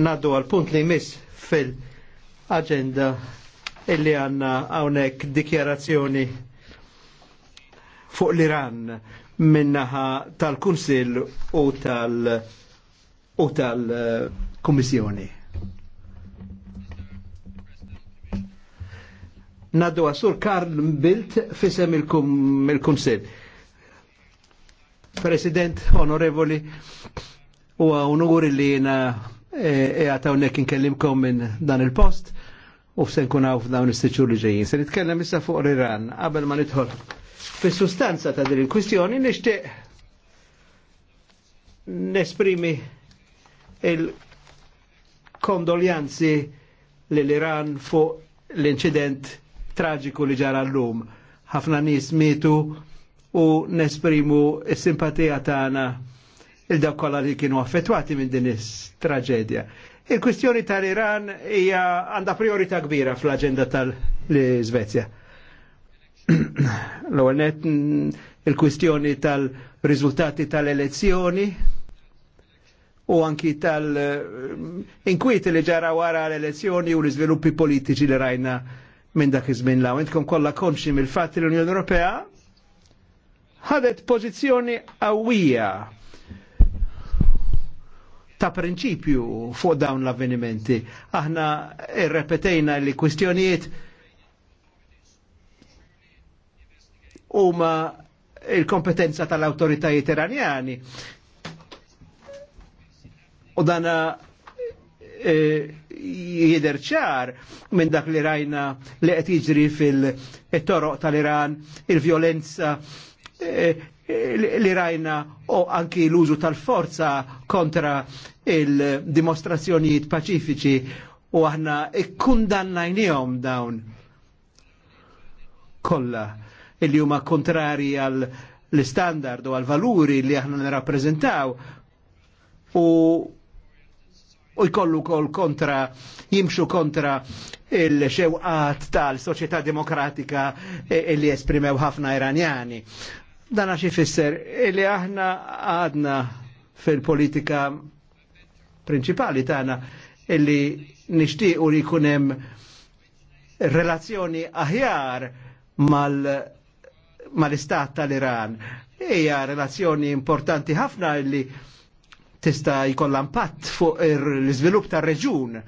naddu għal punt li jmiss fil-agenda illi għanna għawnek dikjarazzjoni fuq l-Iran minnaħa tal-Kunsil u tal- u tal-Kummissjoni. Naddu għasur Karl Bilt fisem il-Kunsil. President, onorevoli, u għonur li jena E, e għataw nek nkellimkom minn dan il-post u f'sen kun għaw f'dawn istiċur li ġejjin. Se nitkellem issa fuq Iran qabel ma nidħol. Fis-sustanza ta' din il-kwistjoni nixtieq nesprimi il-kondoljanzi l-Iran fuq l-inċident traġiku li ġara l-lum. Ħafna nies mitu u nesprimu s-simpatija tagħna il-daw kolla li kienu affettwati minn din is-traġedja. Il-kwistjoni tal-Iran hija għandha priorità kbira fl-aġenda tal-Svezja. L-ewwel net mm, il-kwistjoni tal-riżultati tal-elezzjoni u anki tal-inkwiet li ġara wara l-elezzjoni u l-iżviluppi politiċi li rajna minn dak iż-żmien law. Intkom kollha konxi mill-fatt li l-Unjoni Ewropea ħadet pożizzjoni qawwija ta' prinċipju fuq dawn l-avvenimenti. Aħna irrepetejna li kwistjonijiet huma il-kompetenza tal-autoritajiet iranjani. U dana eh, jider ċar minn dak li rajna li qed jiġri fil-toroq tal-Iran, il-violenza eh, li rajna u anki l-użu tal-forza kontra il-dimostrazzjonijiet paċifiċi u aħna ikkundannajnijom dawn kolla il huma kontrari għal l-standard u għal valuri li aħna nirrappreżentaw u u jkollu kol kontra, jimxu kontra il-xewqat tal-soċieta demokratika e, li esprimew ħafna iranjani. Dana xifisser, ifisser li aħna għadna fil-politika prinċipali tagħna illi nixtiequ li jkun hemm relazzjoni aħjar mal-istat mal tal-Iran. Hija relazzjoni importanti ħafna illi tista' jkollha impatt fuq l-iżvilupp tar-reġun.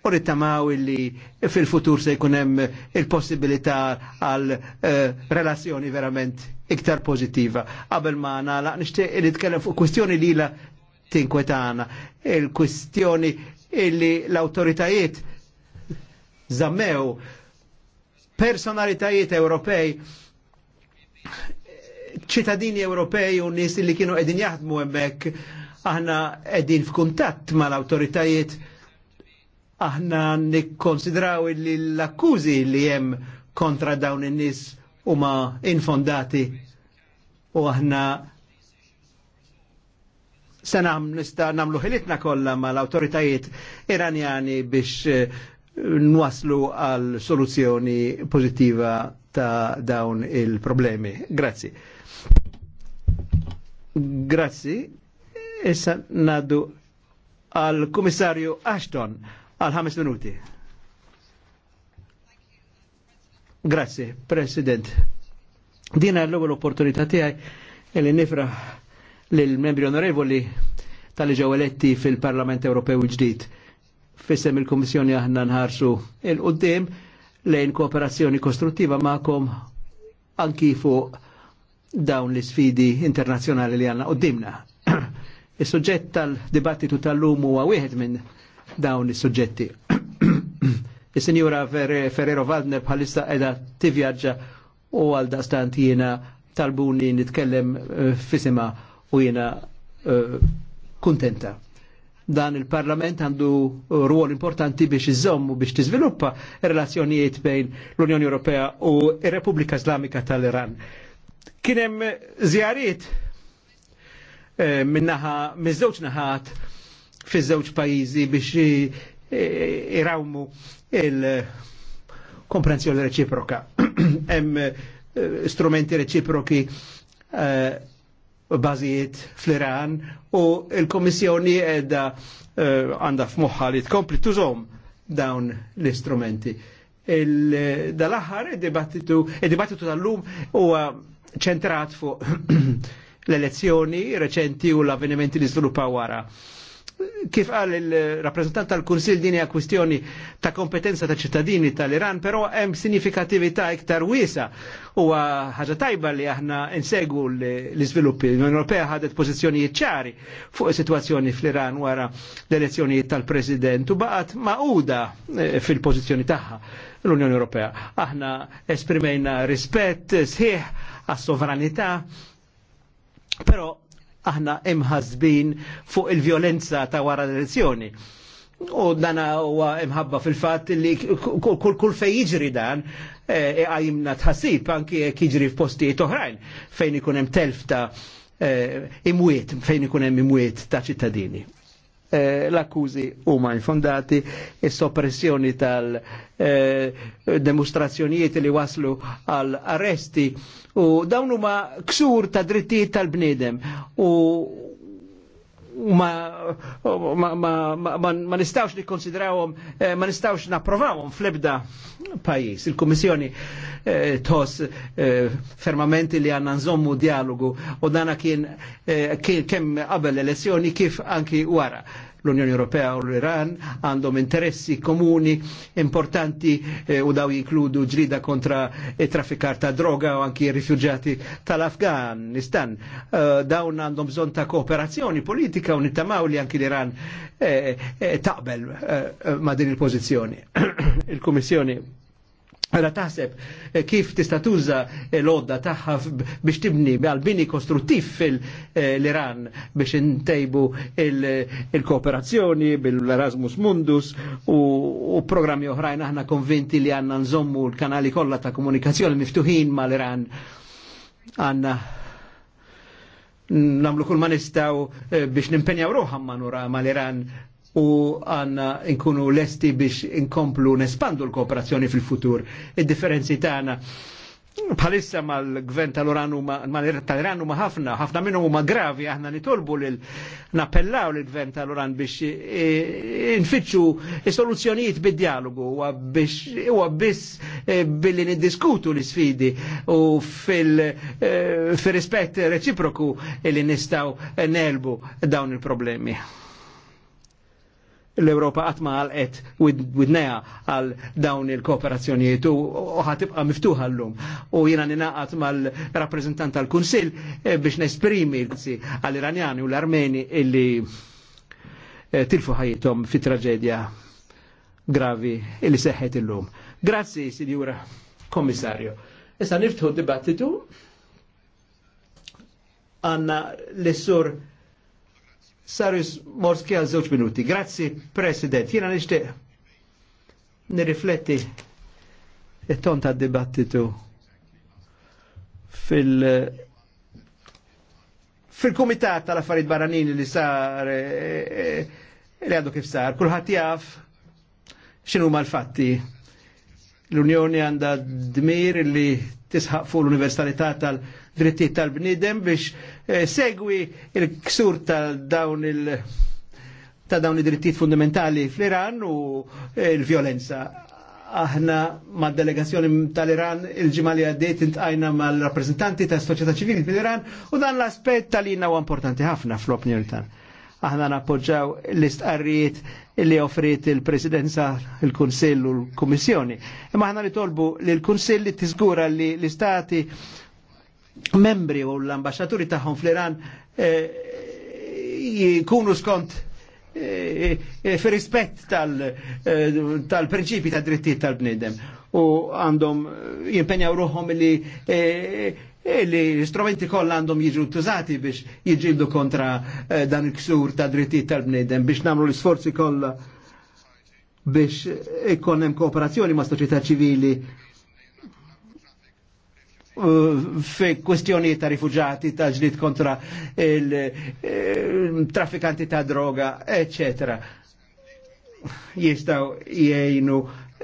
U nittamaw illi fil-futur se jkun hemm il-possibilità għal eh, relazzjoni verament iktar pozitiva. Qabel ma nagħlaq nixtieq nitkellem fuq kwestjoni li la tinkwetana il-kwistjoni illi l-autoritajiet zammew personalitajiet Ewropej ċittadini Ewropej u nis li kienu edin jaħdmu emmek aħna edin f'kuntatt mal-autoritajiet aħna nikkonsidraw li l-akkużi li jem kontra dawn in-nis huma infondati u aħna se nagħmlu ħilitna kollha mal-awtoritajiet iranjani biex eh, nwaslu għal soluzzjoni pożittiva ta' dawn il-problemi. Grazzi. Grazzi. Issa naddu għal komissarju Ashton għal ħames minuti. Grazzi, President. Dina l-ewwel opportunità tiegħi li nifraħ lill-membri onorevoli tal ġew eletti fil-Parlament Ewropew ġdid. Fissem il komissjoni aħna nħarsu il-qoddim lejn kooperazzjoni kostruttiva ma'kom anki fuq dawn l-sfidi internazzjonali li għanna qoddimna. Is-suġġett tal-dibattitu tal-lum huwa wieħed minn dawn is-suġġetti. Is-Sinjura Ferrero Valdner bħalissa qiegħda tivvjaġġa u għal daqstant jiena talbuni nitkellem eh, fisima' u jena eh, kontenta. Dan il-Parlament għandu eh, ruol importanti biex iżommu biex tiżviluppa relazzjonijiet bejn l-Unjoni Ewropea u r-Repubblika Islamika tal-Iran. Kienem hemm eh, minnaħa, miż-żewġ naħat fi żewġ pajjiżi biex eh, irawmu il-komprensjoni reċiproka. Hemm strumenti reċiproki bazijiet fl-Iran u il-Komissjoni edha eh, għanda uh, f'moħħa li tkompli tużom dawn l-istrumenti. Eh, dal-aħħar il dibattitu tal-lum huwa ċentrat fuq l-elezzjoni reċenti u l-avvenimenti li żviluppaw wara kif għal il-rappresentant tal-Kunsil dini għak kwistjoni ta' kompetenza ta' ċittadini tal-Iran, pero hemm sinifikativita iktar wisa u ħaġa tajba li aħna insegu l-izviluppi. L-Unjoni Ewropea ħadet pożizzjonijiet ċari fuq is fl-Iran wara l elezzjoni tal-President u baqgħet maquda eh, fil-pożizzjoni tagħha l-Unjoni Ewropea. Aħna esprimejna rispett sħiħ għas-sovranità, però aħna imħazbin fuq il-violenza ta' wara l-elezzjoni. U dana huwa imħabba fil-fatt li kull fej jiġri dan għajimna eh, tħassib anki jekk jiġri f'postijiet oħrajn fejn ikun hemm telf ta' eh, imwiet, fejn ikun hemm imwiet ta' ċittadini eh, l-akkużi huma infondati s soppressjoni tal-demostrazzjonijiet eh, li waslu għal arresti u dawn huma ksur ta' drittijiet tal-bniedem u ma, ma, ma, ma, ma nistawx li konsidrawom, eh, ma nistawx napprovawhom flibda ebda pajis. il komissjoni eh, tos eh, fermamenti li għanna nżommu dialogu u dana kien eh, kemm qabel elezzjoni kif anki wara. L-Unjoni Ewropea u l-Iran għandhom interessi komuni importanti eh, u daw jinkludu ġrida kontra eh, traffikar ta' droga u anki rifugjati tal-Afganistan. Uh, eh, dawn għandhom bżon ta' kooperazzjoni politika u nittamaw li anki l-Iran eh, eh, taqbel eh, ma' din il-pozizjoni. il komissjoni Għara mela taħseb eh, kif tista tuża eh, l-odda taħħa biex tibni għal-bini kostruttiv fil-Iran eh, biex intejbu il-kooperazzjoni bil-Erasmus Mundus u programmi oħrajn aħna konvinti li għanna nżommu l-kanali kollha ta' komunikazzjoni miftuħin mal-Iran għanna namlu kull ma nistaw biex nimpenjaw ruħam ma' mal-Iran u għanna nkunu lesti biex inkomplu nespandu l-kooperazzjoni fil-futur. Id-differenzi tagħna bħalissa mal-gvern tal-Iran tal-Iran huma ħafna, ħafna minnhom huma gravi, aħna nitolbu lil nappellaw lill-gvern tal-Iran biex infittxu soluzzjonijiet bid-dialogu huwa biss e, billi niddiskutu l-isfidi u fil-rispett e, reċiproku li nistgħu nelbu dawn il-problemi l-Europa għatmaħal għalqet widneja għal dawn il-kooperazzjonijiet u ħatibqa miftuħa l-lum. U jina ninaqat mal-rappresentant tal-Kunsil eh, biex nesprimi għal-Iranjani u l-Armeni illi eh, tilfu ħajjitom fi traġedja gravi illi seħħet illum. Grazzi, Sidjura Kommissarju. Issa niftħu dibattitu għanna l-sur Sarus Morski għal zewċ minuti. Grazzi, President. Jena nishtiq nirifletti it-ton ta' dibattitu fil- fil-komitat tal-affarid baranini li sar e, e, e, li għadu kif sar, kullħat jaf xinu mal fatti L-Unjoni għanda dmir li tisħaq fuq l-Universalità tal- drittijiet tal-bnidem biex eh, segwi il-ksur tal-dawn il- ta' dawn id-drittijiet fundamentali fl-Iran u eh, l-violenza. Aħna mad delegazzjoni tal-Iran il-ġimgħa li għaddejt intqajna mal-rappreżentanti ta' soċjetà ċivili fl-Iran u dan l-aspett tal inna u importanti ħafna fl-opinjoni tagħna. Aħna nappoġġaw l-istqarrijiet li offrit il-Presidenza, il-Kunsill u l-Kummissjoni. Imma aħna nitolbu li l-Kunsill li tiżgura li l-Istati membri u l-ambasċaturi tagħhom fl-Iran eh, jikunu skont eh, eh, fil-rispet tal-prinċipi tal drittijiet tal-bnidem u għandhom jimpenjaw ruħom li li l-istrumenti kollha għandhom jiġu tużati biex jiġildu kontra dan il-ksur ta' drittijiet tal-bnidem biex namlu l sforzi kollha biex ikkonem kooperazzjoni ma' soċjetà ċivili Eh, fe kwestjoni ta' rifugjati, ta' ġlid kontra il-trafikanti eh, ta' droga, etc. Jistaw jgħinu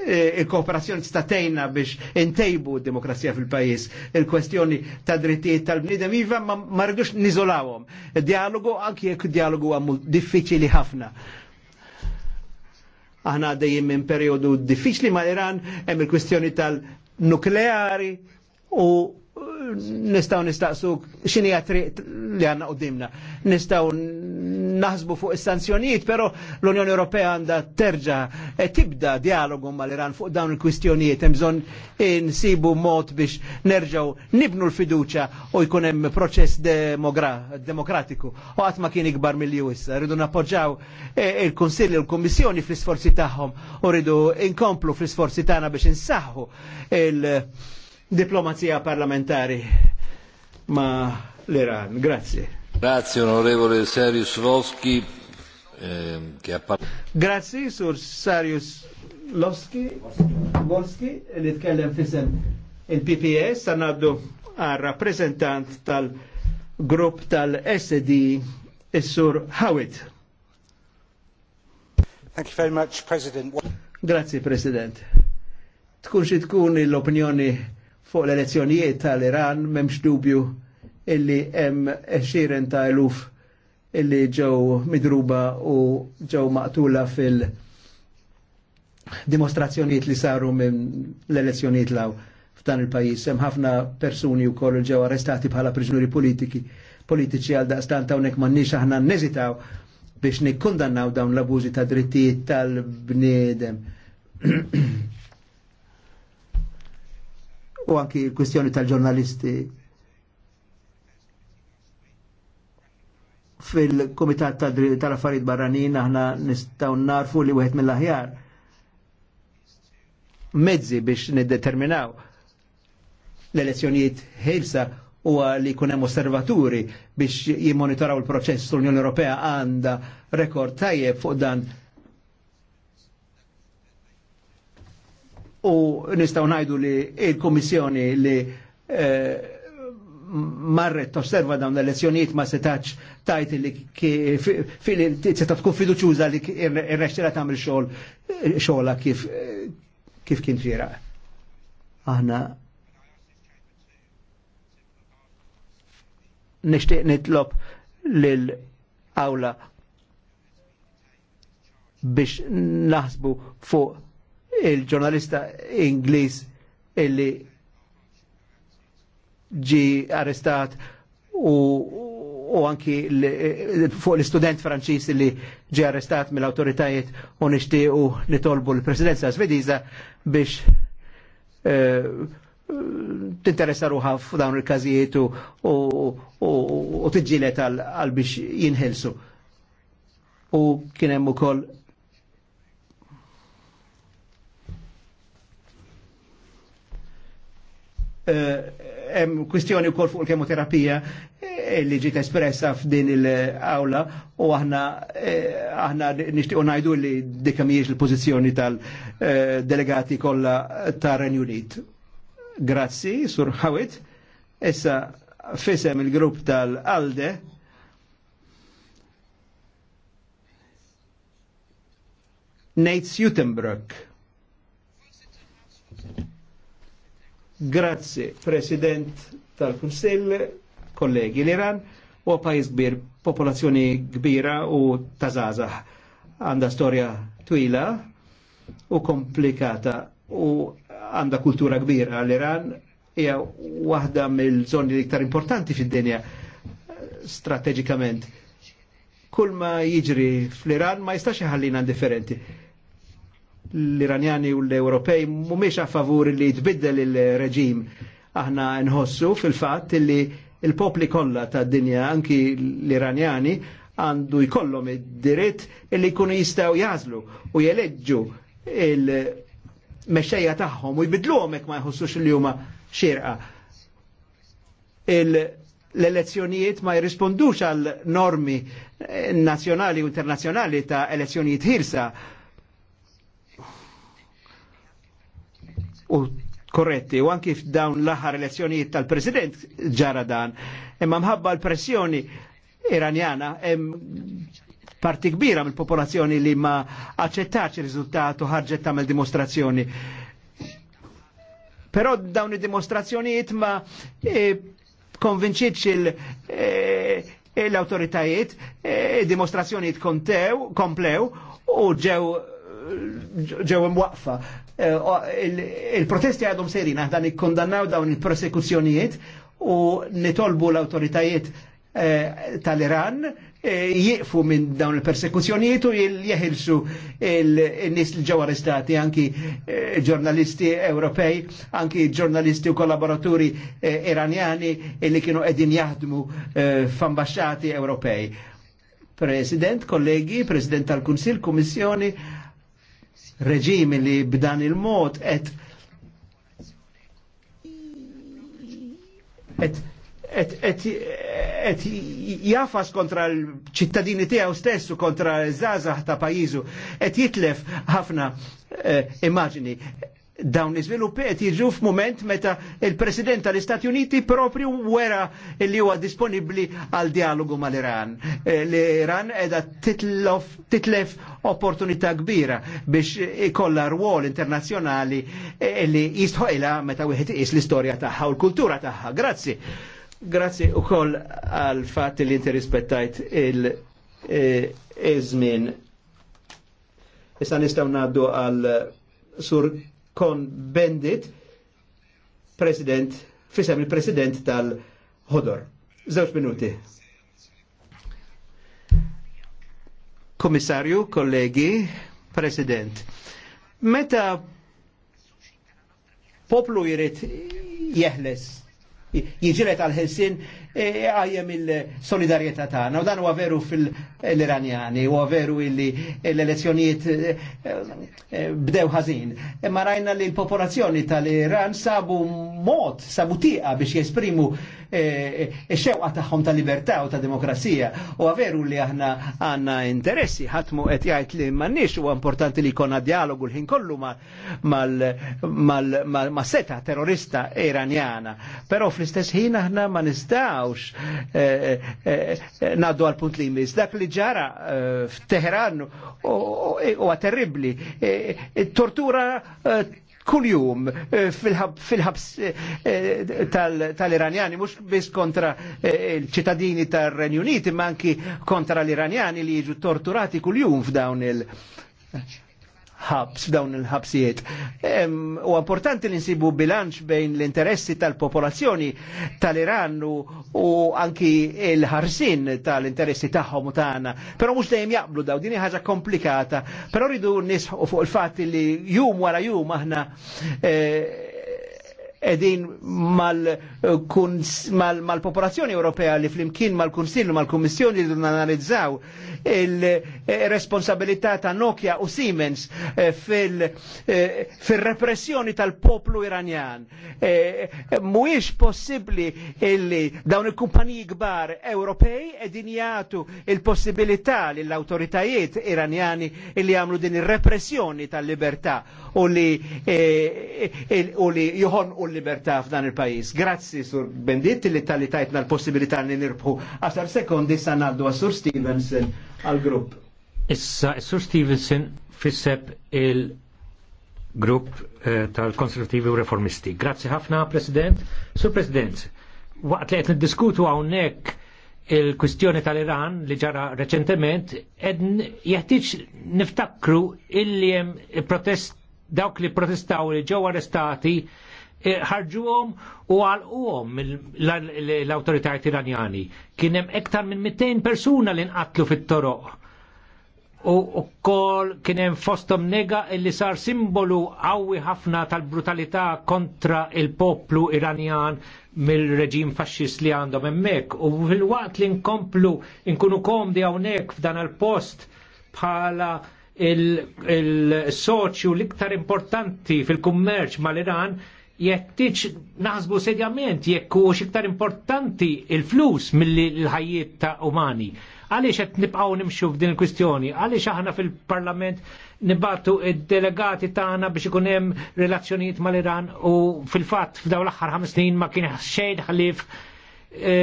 eh, il-kooperazzjoni statejna biex intejbu demokrazija fil-pajis. Il-kwestjoni ta' drittijiet tal-bnidem iva ma rridux nizolawom. Dialogu anki jek dialogu għamu diffiċili ħafna. Aħna dejjem minn periodu diffiċli ma' Iran hemm il-kwestjoni tal-nukleari u eh, nistaw nistaqsu xini għatriq li għanna qoddimna. Nistaw naħsbu fuq is-sanzjonijiet, pero l-Unjoni Ewropea għandha terġa e tibda dialogu l iran fuq dawn il-kwistjonijiet, hemm bżonn insibu mod biex nerġgħu nibnu l-fiduċa u jkun hemm proċess demokratiku. U qatt ma kien ikbar mill issa, rridu nappoġġaw e, il-Kunsill u l-Kummissjoni fl-isforzi tagħhom u rridu inkomplu fl-isforzi tagħna biex insaħħu il- diplomazija parlamentari ma l-Iran. Grazie. Grazie onorevole Serius Voski. Eh, che Grazie sur Serius Voski, Voski li tkellem fisem il-PPS, sanaddu għal rappresentant tal-grupp tal-SD, il-sur Hawit. Thank you very much, President. Grazie, President. Tkun xi tkun l-opinjoni fuq l-elezzjonijiet tal-Iran memx dubju illi hemm xiren ta' eluf illi ġew midruba u ġew maqtula fil dimostrazzjonijiet li saru minn l-elezzjonijiet law f'dan il-pajis. Hemm ħafna persuni wkoll ġew arrestati bħala priġnuri politiki politiċi għal daqstan ta' unek mannix aħna neżitaw biex nikkundannaw dawn l-abużi ta' drittijiet tal-bniedem. u anki l-kwestjoni tal-ġurnalisti fil-Komitat tal-Affarijiet Barranin aħna nistgħu narfu li wieħed mill-aħjar mezzi biex niddeterminaw l-elezzjonijiet ħilsa huwa li jkun hemm osservaturi biex jimmonitoraw il-proċess l-Unjoni Ewropea għandha rekord tajjeb fuq dan u nistaw najdu li il-Komissjoni li eh, marret tosserva dawn l-elezzjonijiet ma setax tajt li seta tkun fiduċuża li irrexxira tagħmel xogħol eh, xogħla kif eh, kif kien ġira. Aħna nixtieq nitlob lil awla biex naħsbu fuq il-ġurnalista Ingliż illi ġi arrestat u, u anki fuq l-student Franċis li ġi arrestat mill-autoritajiet u nixtiequ nitolbu l-presidenza svediża biex eh, tinteressa ruħa f'dawn il-każijiet u tiġġilet għal biex jinħelsu. U kien hemm ukoll Eh, hemm kwistjoni wkoll fuq il-kemoterapija eh, li ġiet espressa f'din il-awla u aħna eh, aħna nixtiequ ngħidu li dik mhijiex il-pożizzjoni tal-delegati kollha tar-Renju Unit. Grazzi, Sur Hawit. Issa fisem il-grupp tal-ALDE Nate Sutenbrock. Grazzi, President tal-Kunsill, kollegi l-Iran, u pajis kbir, popolazzjoni kbira u tazazah. Għanda storja twila u komplikata u għanda kultura kbira l-Iran hija waħda mill-żoni l-iktar importanti fid-dinja strategikament. Kull ma jiġri fl-Iran ma jistax iħallina differenti l-Iranjani u l-Ewropej mumiex a li tbiddel il-reġim. Aħna nħossu fil-fatt li il-popli kollha tad-dinja anki l-Iranjani għandu jkollhom id-dritt li jkunu jistgħu jażlu u jeleġġu il-mexxejja tagħhom u jbidluhom hekk ma jħossux li huma xirqa. L-elezzjonijiet ma jirrispondux għal normi nazzjonali u internazzjonali ta' elezzjonijiet ħirsa u korretti u anki f'dawn l-aħħar elezzjonijiet tal-President ġara dan. Imma mħabba l-pressjoni iranjana hemm parti kbira mill-popolazzjoni li ma aċċettax ir-riżultat u ħarġet tagħmel dimostrazzjoni. Però dawn id-dimostrazzjonijiet ma e, konvinċitx il- e, e, l-autoritajiet e, dimostrazzjonijiet kontew, komplew u ġew ġew imwaqfa. Eh, il-protesti għadhom Serina aħna nikkondannaw dawn il-prosekuzzjonijiet u nitolbu l-autoritajiet eh, tal-Iran eh, jieqfu minn dawn il-persekuzzjonijiet u jeħilsu il-nis li ġew arrestati anki ġurnalisti Ewropej, anki ġurnalisti u kollaboraturi iranjani li kienu qegħdin jaħdmu f'ambaxxati Ewropej. President, kollegi, President tal-Kunsil, Kummissjoni, reġimi li b'dan il-mod et et et, et, et jafas kontra l-ċittadini tiegħu stessu kontra l-żazax ta' pajizu, et jitlef ħafna eh, immaġini dawn iżviluppiet jiġu f'mument meta il-President tal-Istati Uniti propju wera li huwa disponibili għal dialogu mal-Iran. Eh, L-Iran edha titlef opportunità kbira biex ikolla rwol internazzjonali eh, li jistħojla meta wieħed is l-istorja tagħha u l-kultura tagħha. Grazzi. Grazzi ukoll għal fatt li inti rispettajt il-żmien. Eh, Issa nistgħu ngħaddu għal Sur kon Bendit, president, fisem il-president tal-ħodor. Zewġ minuti. Komissarju, kollegi, president. Meta poplu jrid jeħles, jiġilet għal-ħelsin E għajem il-solidarieta tagħna. U dan huwa veru fil-Iranjani, huwa veru illi l-elezzjonijiet e, bdew ħażin. Imma rajna li l-popolazzjoni tal-Iran sabu mod, sabu tieqa biex jesprimu e, xewqa tagħhom ta' libertà u ta' demokrazija. U għaveru li aħna għanna interessi, ħatmu qed jgħid li m'għandniex huwa importanti li jkollna dialogu l-ħin kollu ma' seta terrorista iranjana. Però fl-istess ħin aħna ma nistgħu nistawx eh, eh, eh, naddu għal punt li jmiss. Dak li ġara f'Teheran e, u terribli. E, e, tortura kull jum fil-ħabs tal-Iranjani, mux bis kontra il-ċittadini tal renjuniti ma anki kontra l-Iranjani li jiġu torturati kull jum f'dawn il- ħabs dawn il-ħabsijiet. U importanti li nsibu bilanċ bejn l-interessi tal-popolazzjoni tal-Iran u anki il-ħarsin tal-interessi tagħhom u tagħna. Però mhux dejjem jaqblu daw, din ħaġa komplikata. Però rridu nisħu fuq il-fatt li jum wara jum aħna eh, edin eh, mal-popolazzjoni mal, Ewropea li flimkien mal-Kunsillu, mal-Kummissjoni li analizzaw il-responsabilità eh, ta' Nokia u Siemens eh, fil-repressjoni fil tal-poplu iranjan. E, Mhuwiex possibbli illi dawn il-kumpaniji kbar Ewropej edin jagħtu il-possibilità l-autoritajiet iranjani illi għamlu din il repressjoni tal-libertà u li e, e, u li joħon u libertà f'dan il-pajis. Grazzi, Sur Benditti li tali tajtna l-possibilità li nirbħu. 10 sekondi san għaddu għasur Sur Stevenson għal-grupp. Issa, Sur Stevenson fisseb il-grupp eh, tal-konservativi u reformisti. Grazzi ħafna, President. Sur President, waqt li qed diskutu hawnhekk il-kwistjoni tal-Iran li ġara reċentement, edn jeħtieġ niftakru jem il protest dawk li protestaw li ġew arrestati ħarġuhom u għalquhom l-awtoritajiet iranjani. Kien hemm iktar minn 200 persuna li nqatlu fit-toroq. U kol kienem fostom nega li sar simbolu qawwi ħafna tal-brutalità kontra il-poplu Iranjan mill-reġim faxxist li għandhom hemmhekk. U fil-waqt li nkomplu nkunu komdi hawnhekk f'dan il-post bħala il-soċju l-iktar importanti fil-kummerċ mal-Iran jettiċ naħsbu sedjament jekk u iktar importanti il-flus mill l-ħajiet ta' umani. Għaliex qed nibqgħu nimxu f'din il-kwistjoni, għaliex aħna fil-Parlament nibatu id-delegati tagħna biex ikun hemm relazzjonijiet mal-Iran u fil-fatt f'dawn l-aħħar ħames snin ma kien xejn ħalif e,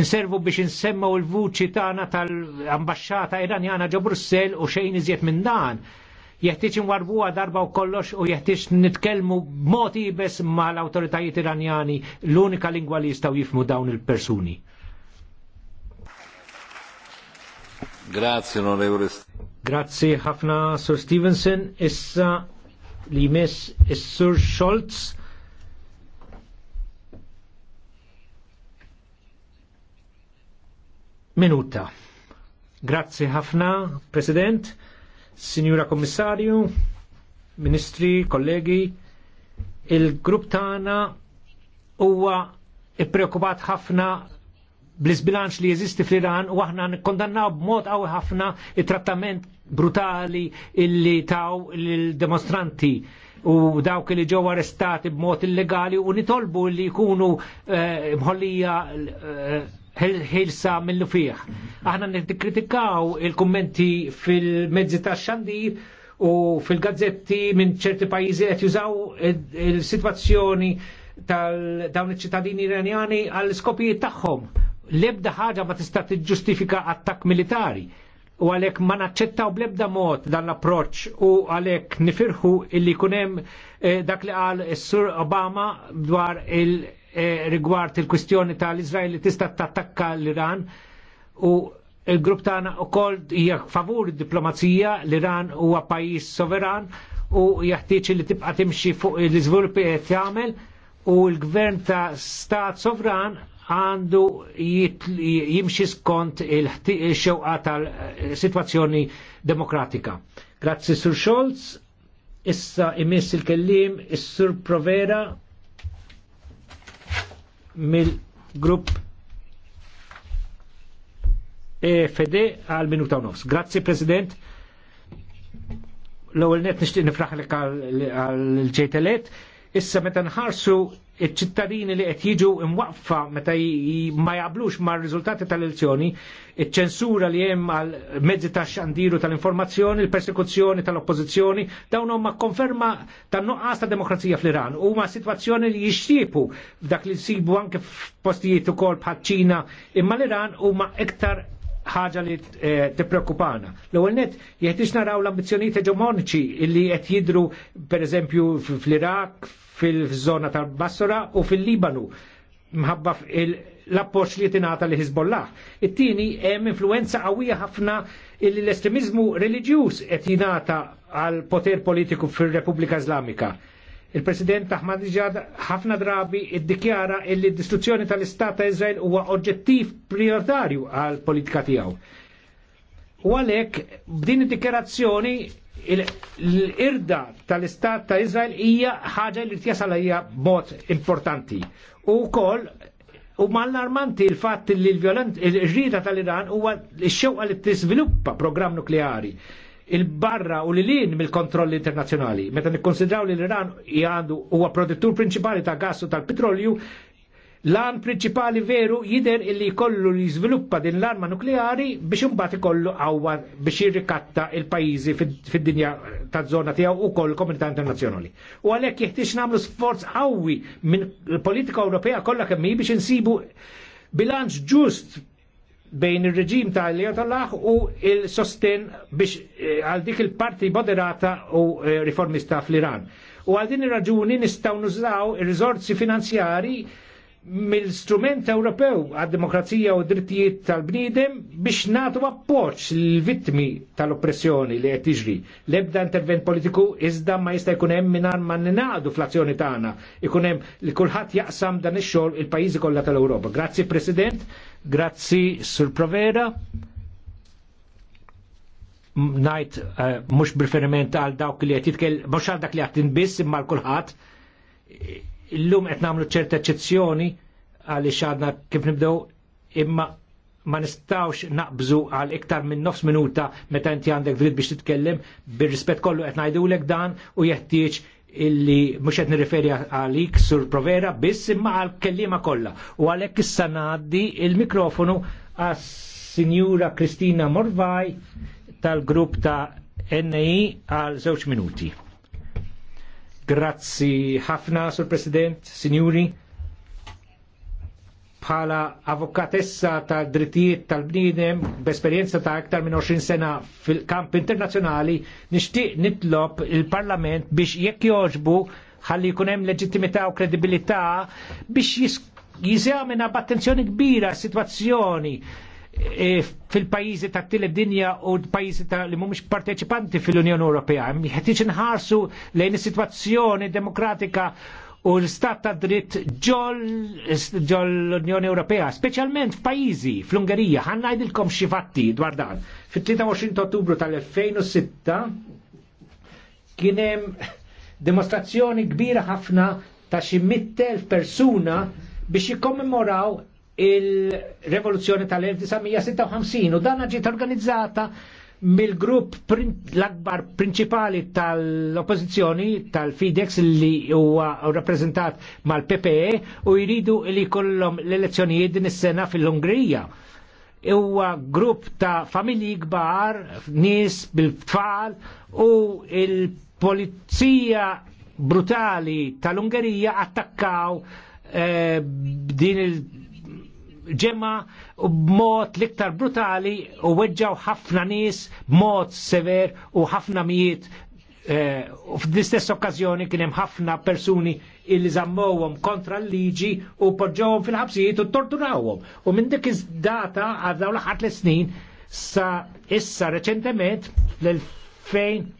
inservu biex insemmaw il-vuċi tagħna tal-ambasċata Iranjana ġo Brussell u xejn iżjed minn dan jeħtieġ inwarbuha darba u kollox u jeħtieġ nitkellmu b'mod ibes mal-awtoritajiet iranjani l-unika lingwa li jistgħu jifmu dawn il-persuni. Grazie, onorevole. Grazie ħafna, Sir Stevenson. Issa li jmiss Sir Scholz. Minuta. Grazie ħafna, President. Signora Kommissarju, Ministri, kollegi, il-grupp tagħna huwa ippreokupat ħafna bl-izbilanċ li jeżisti fl-Iran u aħna nikkondannaw b'mod qawwi ħafna it-trattament brutali illi taw l-demonstranti u dawk li ġew arrestati b'mod illegali u nitolbu li jkunu eh, mħollija eh, ħilsa millu fiħ. Aħna nikkritikaw il-kummenti fil-mezzi ta' xandir u fil-gazzetti minn ċerti pajjiżi qed jużaw il-sitwazzjoni tal-dawn iċ-ċittadini iranjani għall skopijiet tagħhom. L-ebda ħaġa ma tista' tiġġustifika attakk militari u għalek ma naċċettaw blebda mod dan l-approċ u għalek nifirħu illi kunem eh, dak li għal Sur Obama dwar il- E, rigward il-kwistjoni tal-Izrael li tista' tattakka l-Iran u il-grupp tagħna wkoll hija favur id-diplomazija, l-Iran huwa pajjiż soveran u jaħtieġ li tibqa' timxi fuq l-iżvilupp qed jagħmel u l-gvern ta' stat sovran għandu jimxi skont il-xewqa tal-situazzjoni demokratika. Grazzi Sur Scholz, issa imiss il-kellim, is-Sur Provera, mill-grupp EFD għal minuta u nofs. Grazzi, President. l għolnet nishtiq nifraħ li għal ġejtelet. Issa metan ħarsu iċ-ċittadini li qed jiġu imwaqfa meta ma jablux mar riżultati tal-elezzjoni, iċ-ċensura li hemm għal mezzi ta' xandiru tal-informazzjoni, il-persekuzzjoni tal-oppożizzjoni, dawn huma konferma ta' nuqqas ta' demokrazija fl-Iran. Huma sitwazzjoni li jixtiepu dak li sibu anke f'postijiet ukoll bħal Ċina, imma l-Iran huma iktar ħaġa li eh, t-preokkupana. L-ewwel net jeħtieġ naraw l-ambizzjonijiet eġemoniċi li qed jidru pereżempju fl-Iraq, fil-żona tal-Bassora u fil-Libanu mħabba l-appoċ li tinata li Hezbollah. It-tieni hemm influenza qawwija ħafna illi l-estremizmu reliġjuż qed jingħata għal poter politiku fir-Repubblika Islamika. Il-President Ijad ħafna drabi iddikjara illi distruzzjoni tal-Istat ta' Izrael huwa oġġettiv prioritarju għal politika tiegħu. U għalhekk b'din id-dikjarazzjoni l-irda tal-Istat ta' Izrael hija ħaġa li tjasal hija mod importanti. U wkoll U mal-armanti il-fatt li l-ġrida tal-Iran huwa l-xewqa li t-sviluppa program nukleari il-barra u l-lin mill-kontroll internazjonali. Meta nikkonsidraw li l-Iran jgħandu huwa produttur prinċipali ta' gas u tal-petrolju, l-an prinċipali veru jider illi kollu li jizviluppa din l-arma nukleari biex imbagħad ikollu għawa biex jirrikatta il-pajjiżi fid-dinja ta' zona tiegħu u koll komunità internazzjonali. U għalhekk jeħtieġ nagħmlu sforz qawwi minn politika Ewropea kollha kemm biex insibu bilanċ ġust bejn il reġim ta' lija tal-Aħ u il-sosten biex eh, għal dik il-parti moderata u eh, riformista fl-Iran. U għal din ir-raġuni nistaw nużaw ir rizorzi finanzjari mill-strument Ewropew għad-demokrazija u drittijiet tal-bniedem biex natu appoġġ l-vittmi tal-oppressjoni li qed tiġri. L-ebda intervent politiku iżda ma jista' jkun hemm mingħajr ma ninaqdu fl-azzjoni tagħna. Ikun hemm li kulħadd jaqsam dan ix-xogħol il-pajjiżi kollha tal-Ewropa. Grazzi President, grazzi Sur Provera. Najt eh, mhux b'riferiment għal dawk li qed jitkellem mhux għal dak li qed tinbiss imma l kulħadd Illum qed nagħmlu ċerta eċezzjoni għaliex għadna kif nibdew imma ma nistawx naqbżu għal iktar minn nofs minuta meta inti għandek dritt biex titkellem bir-rispett kollu qed ngħidulek dan u jeħtieġ illi mhux qed nirriferi għalik sur provera biss imma għal kellima kollha. U għalhekk issa ngħaddi il-mikrofonu għas Sinjura Kristina Morvaj tal-grupp ta' NI għal żewġ minuti. Grazzi ħafna, Sur President, Signori. Bħala avokatessa ta' drittijiet tal bnidem b'esperjenza ta' aktar minn 20 sena fil-kamp internazzjonali, nixtieq nitlob il-Parlament biex jekk joġbu ħalli jkun hemm leġittimità u kredibilità biex jis jiżamina b'attenzjoni kbira s-sitwazzjoni E, fil-pajizi ta' tile dinja u pajizi ta' li mumiex parteċipanti fil-Unjoni Ewropea. Jħetiġ nħarsu lejn situazzjoni demokratika u l-stat ta' dritt ġol l-Unjoni Ewropea, Specialment f'pajjiżi fl-Ungerija, ħannajdilkom ngħidilkom xi fatti dwar dan. Fit-23 Ottubru tal-2006 kien hemm dimostrazzjoni kbira ħafna ta' xi mittel persuna biex jikkommemoraw il-revoluzzjoni tal-1956 u dan ġiet organizzata mill-grupp l-akbar principali tal-oppozizjoni tal-Fidex li huwa rappresentat mal-PPE u jridu li kollhom l-elezzjonijiet din is-sena fil-Ungrija huwa grupp ta' familji kbar, nies bil-tfal u il-polizija brutali tal-Ungerija attakkaw eh, din il- ġemma b'mod liktar brutali u weġġaw ħafna nies b'mod sever u ħafna mijiet eh, u fl-istess okkazjoni kien hemm ħafna persuni illi zammowhom kontra l-liġi u poġġawhom fil-ħabsijiet u torturawhom. U minn dik iż-data għal dawn l-ħat snin sa issa reċentement fl-2000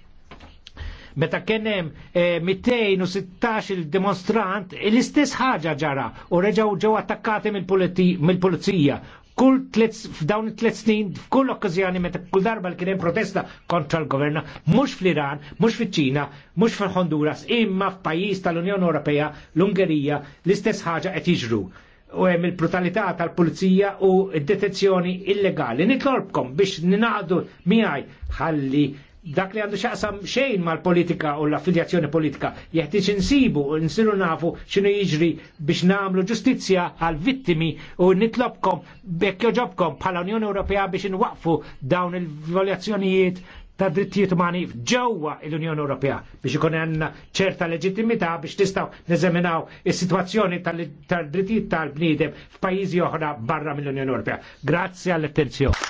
Meta kien hemm 216 il-demonstrant, eh, l-istess ħaġa ġara u reġgħu ġew attakkati mill-pulizija kull f'dawn it-tlet snin, f'kull okkażjoni meta kull darba li kien hemm protesta kontra l-governa, mhux fl-Iran, mhux fiċ-Ċina, mhux fil-Honduras, imma f'pajjiż tal-Unjoni Ewropea, l-Ungerija, l-istess ħaġa qed jiġru. U hemm il-brutalità tal-pulizija u d-detezzjoni illegali. Nitlobkom biex ninaqdu miegħi ħalli dak li għandu xaqsam xejn mal-politika u l-affiljazzjoni politika, jeħtieġ insibu, nsiru nafu x'inhu jiġri biex nagħmlu ġustizzja għal vittimi u nitlobkom bekkjo ġobkom bħala Unjoni Ewropea biex nwaqfu dawn il-violazzjonijiet ta' drittijiet umani ġewwa l-Unjoni Ewropea biex ikun hemm ċerta leġittimità biex tistgħu neżeminaw is-sitwazzjoni tal-drittijiet tal-bniedem f'pajjiżi oħra barra mill-Unjoni Ewropea. Grazzi għall-attenzjoni.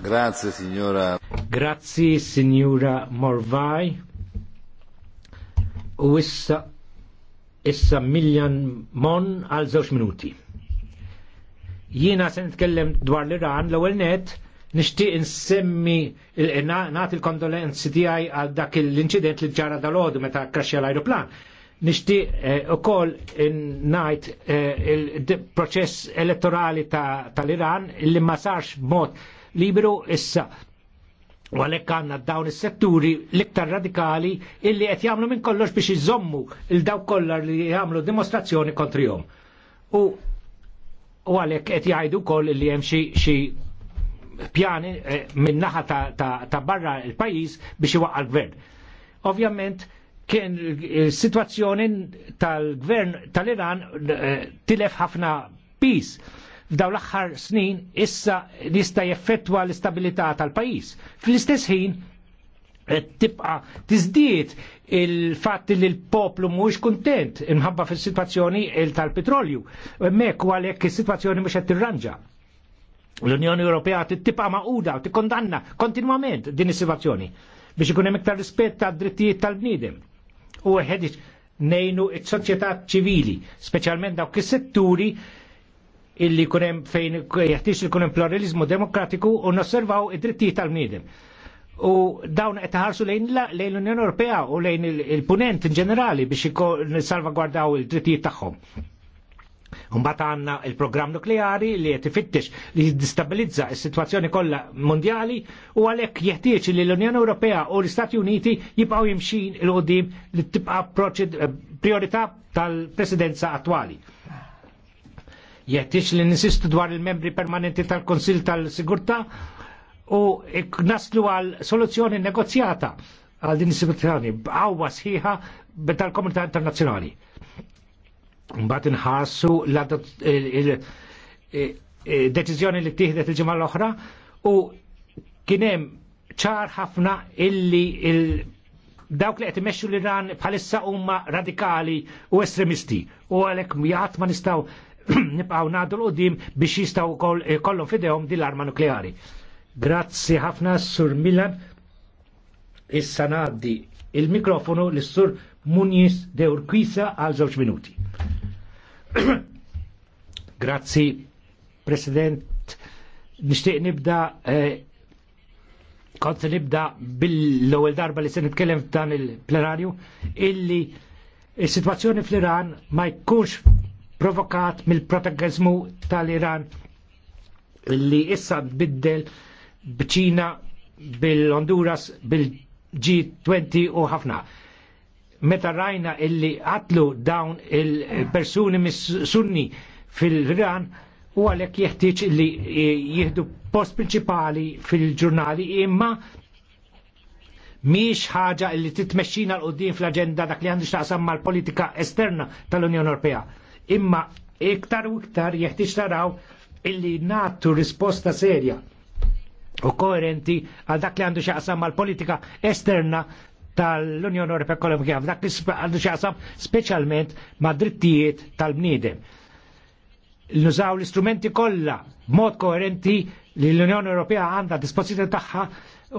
Grazie, signora. Grazzi, signora Morvai. U issa, issa Miljan Mon għal żewġ minuti. Jiena se nitkellem dwar l-Iran l-ewwel net nixtieq insemmi nagħti l-kondolenzi tiegħi għal dak l-inċident li ġara dal-għodu meta krasja l-ajruplan. Nixtieq eh, ukoll ngħid eh, il-proċess elettorali tal-Iran li ma sarx b'mod liberu issa. U għalek għandna dawn is-setturi l-iktar radikali illi qed jagħmlu minn kollox biex iżommu il daw kollar li jagħmlu dimostrazzjoni kontrihom. U u għalhekk qed jgħidu wkoll li hemm xi pjani eh, minn naħa ta, ta, ta barra il-pajjiż biex iwaqqa l-gvern. Ovvjament, kien situazzjoni tal-gvern tal-Iran eh, tilef ħafna peace f'daw l-aħħar snin issa jista' jeffettwa l-istabilità tal-pajjiż. Fl-istess ħin tibqa tiżdied il-fatt li l-poplu mhuwiex kuntent imħabba fis-sitwazzjoni tal-petrolju. Hemmhekk u għalhekk is-sitwazzjoni mhux qed tirranġa. L-Unjoni Ewropea tibqa' maquda u tikkondanna kontinwament din is-sitwazzjoni biex ikun hemm iktar rispett tad-drittijiet tal-bniedem. U ħedġ nejnu s soċjetà ċivili, speċjalment dawk is-setturi illi kunem fejn jeħtiex li kunem pluralizmu demokratiku u nosservaw id-drittijiet tal-bniedem. U dawn qed ħarsu lejn l-Unjoni Ewropea u lejn il-punent in ġenerali biex salvagwardaw il-drittijiet tagħhom. Mbagħad għandna il-programm nukleari li qed ifittex li jiddistabilizza s-sitwazzjoni kollha mondjali u għalhekk jeħtieġ li l-Unjoni Ewropea u l-Istati Uniti jibqgħu jimxin il qudiem li tibqa' priorità tal-presidenza attwali jettix li nisistu dwar il-membri permanenti tal-Konsil tal-Sigurta u naslu għal soluzzjoni negozjata għal din is-situazzjoni b'għawwa sħiħa tal-komunità internazzjonali. Mbagħad inħassu l-deċiżjoni li tieħdet il-ġimgħa l-oħra u kien hemm ċar ħafna illi dawk li qed imexxu l-Iran bħalissa huma radikali u estremisti u għalhekk jgħat ma nistgħu nibqaw nagħdu l biex jistaw eh, kollhom fidehom din l-arma nukleari. Grazzi ħafna Sur Milan. Issa naddi il-mikrofonu lis-Sur Munis de Urquiza għal żewġ minuti. Grazzi, President. Nixtieq nibda eh, kont nibda bil-ewwel darba li se nitkellem f'dan il-plenarju illi s-sitwazzjoni fl-Iran ma jkunx provokat mill-protagonizmu tal-Iran li issa biddel b'Ċina, bil-Honduras, bil-G20 u ħafna. Meta rajna illi qatlu dawn il-persuni mis-sunni fil-Iran, u għalek jeħtieġ li jihdu post prinċipali fil-ġurnali imma miex ħaġa li titmexxina l-qoddim fl-aġenda dak li għandu xtaqsam mal-politika esterna tal-Unjoni Ewropea imma iktar u iktar jeħtieġ taraw illi natu risposta serja u koerenti għal dak li għandu xaqsam għal politika esterna tal-Unjoni Ewropea Ekonomika, dak li għandu xaqsam speċjalment ma' drittijiet tal-bniedem. Nużaw l-istrumenti kollha b'mod koerenti li l-Unjoni Ewropea għandha dispożizzjoni tagħha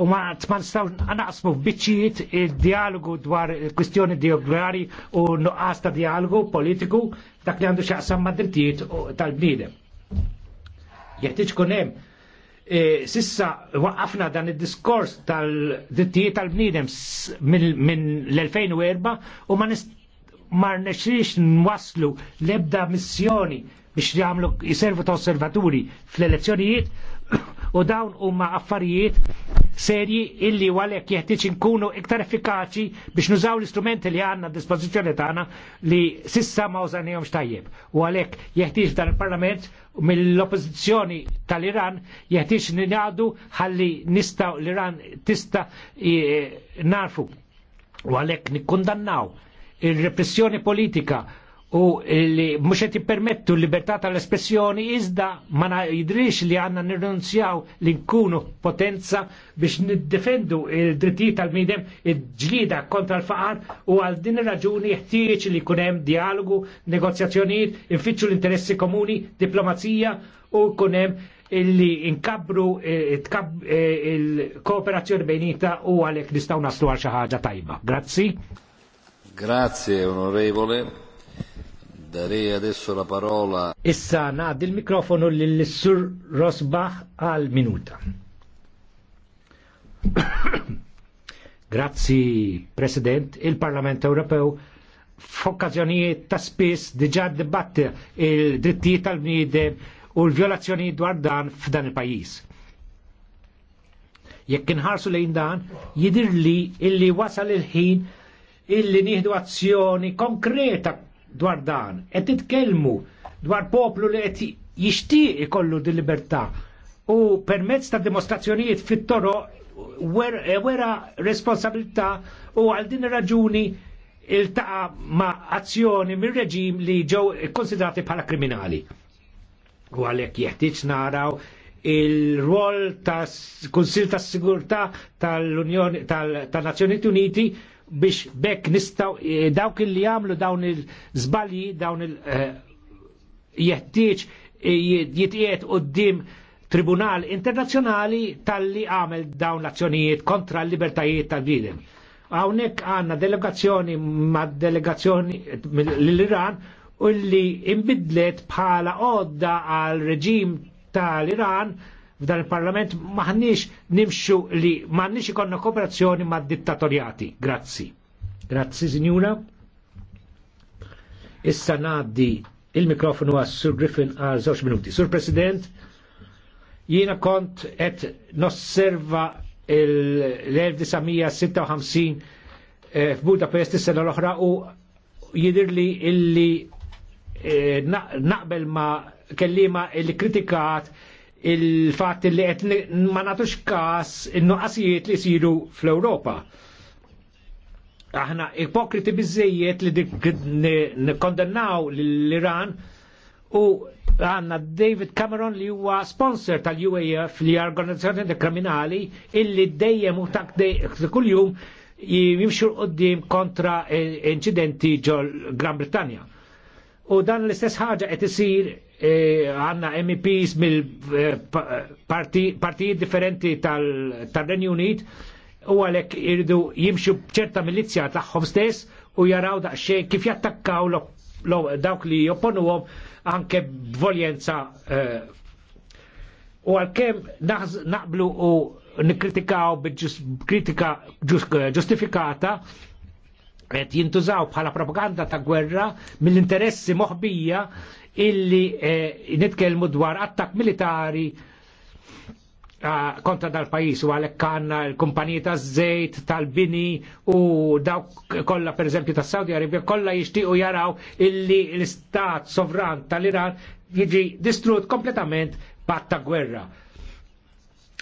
u ma tmanstaw naqsmu f'biċċijiet il-dialogu dwar kwistjoni diograri u nuqqas ta' dialogu politiku dak li għandu xaqsam ma' drittijiet tal bnidem Jeħtieġ kun hemm e, sissa waqqafna dan id-diskors tal-drittijiet tal bnidem minn l-2004 u ma ma nexriex nwaslu l-ebda missjoni biex jagħmlu jiservu ta' osservaturi fl-elezzjonijiet u dawn huma affarijiet serji illi għalhekk jeħtieġ inkunu iktar effikaċi biex nużaw l-istrumenti li għandna dispożizzjoni tagħna li sissa ma użanihomx tajjeb. U għalhekk jeħtieġ dan il-Parlament mill-oppożizzjoni tal-Iran jeħtieġ ningħadu ħalli nistgħu l-Iran tista' e, narfu. U għalhekk nikkundannaw il-repressjoni politika u li mux qed permettu l-libertà tal-espressjoni iżda ma jidrix li għanna nirrunzjaw li nkunu potenza biex niddefendu il dritti tal midem il-ġlida kontra l-faqar u għal din raġuni jeħtieġ li kunem hemm dialogu, negozjazzjoniet, infittxu l-interessi komuni, diplomazija u kunem hemm illi inkabru eh, eh, il-kooperazzjoni bejnita u għalek nistaw naslu għal xi ħaġa tajba. Grazzi. Grazie onorevole. Darei adesso la parola. Issa nad il-mikrofonu lill sur Rosbach għal minuta. Grazzi, President. Il-Parlament Ewropew f'okkażjonijiet ta' spiss diġà dibatt il-drittijiet tal-bniedem u l-violazzjoni dwar dan f'dan il-pajjiż. Jekk inħarsu lejn dan, jidir li illi wasal il-ħin illi nieħdu azzjoni konkreta dwar dan, qed titkellmu dwar poplu li qed jixtieq ikollu di libertà u permezz ta' dimostrazzjonijiet fit-toro e, wera responsabilità u għal din raġuni il-taqa ma' azzjoni mir reġim li ġew konsidrati bħala kriminali. U għalhekk jeħtieġ naraw il-rol ta' Kunsil ta' Sigurtà tal-Unjoni tal-Nazzjonijiet Uniti biex bekk nistaw e, dawk li jagħmlu dawn il-żbalji dawn il e, jeħtieġ e, jitqiet qudiem Tribunal Internazzjonali tal-li għamel dawn l-azzjonijiet kontra l-libertajiet tal-bidem. Hawnhekk għandna delegazzjoni ma' delegazzjoni l-Iran u li imbidlet bħala odda għal reġim tal-Iran f'dan il-Parlament maħniex nimxu li maħniex ikonna kooperazzjoni ma' dittatorjati. Grazzi. Grazzi, Signora. Issa naddi il-mikrofonu għas Sur Griffin għal żewġ minuti. Sur President, jiena kont qed nosserva l-1956 eh, f'Budapest is-sena l-oħra u jidir li illi eh, naqbel ma kellima il kritikat il-fat li qed ma nagħtux każ in-nuqqasijiet li jsiru fl-Ewropa. Aħna ipokriti biżejjed li nikkondennaw l-Iran u għanna David Cameron li huwa sponsor tal-UAF li organizzazzjoni kriminali illi dejjem u tak kuljum jimxu qoddim kontra incidenti ġol Gran Britannia. U dan l-istess ħaġa qed isir E għanna MEPs mill-partijiet eh, parti differenti tal-Renju Unit u għalek irridu jimxu bċerta milizja tagħhom stess u jaraw daqxie kif jattakkaw dawk li għom anke b'voljenza e, u għalkem naqblu u nikritikaw kritika ġustifikata qed jintużaw bħala propaganda ta' gwerra mill-interessi moħbija illi nitkellmu dwar attak militari kontra dal-pajis u għalek kanna l-kumpaniji ta' zejt, tal-bini u dawk kolla per eżempju ta' Saudi Arabia kolla jishtiqu jaraw illi l-istat sovran tal-Iran jiġi distrut kompletament patta gwerra.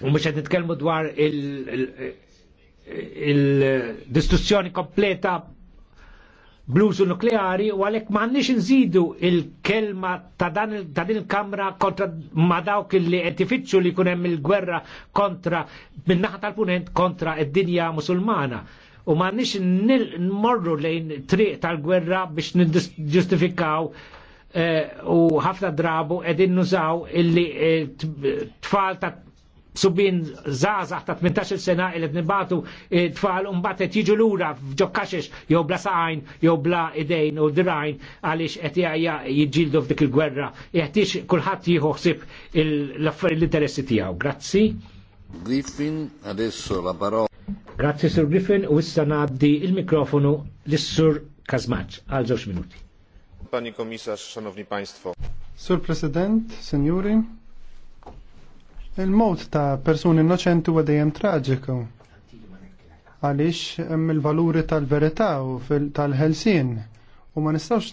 U mux nitkellmu dwar il-distruzzjoni kompleta bluzu nukleari u għalek mannix nżidu il-kelma ta' dan il-kamra kontra ma' dawk li etifiċu li kunem il-gwerra kontra minnaħat tal-punent kontra id-dinja musulmana. U mannix n morru lejn triq tal-gwerra biex n-ġustifikaw eh, u ħafna drabu edin nużaw illi eh, tfal ta' subin zazax ta' 18 sena il nibatu tfal un bate tiġu l-ura f'ġokkaxex jow bla saqajn jow bla idejn u dirajn għaliex qed jġildu f'dik il-gwerra. Jeħtiex kulħadd jieħu ħsieb l-interessi tijaw. Grazzi. Griffin, adesso la parola. Grazzi Sir Griffin u issa ngħaddi il-mikrofonu l sur Kazmaċ għal żewġ minuti. Pani komisarz, szanowni państwo. Sir President, seniori, Il-mod ta' persuni innoċenti huwa dejjem traġiku. Għaliex hemm il-valuri tal-verità u tal-ħelsien. U ma nistgħux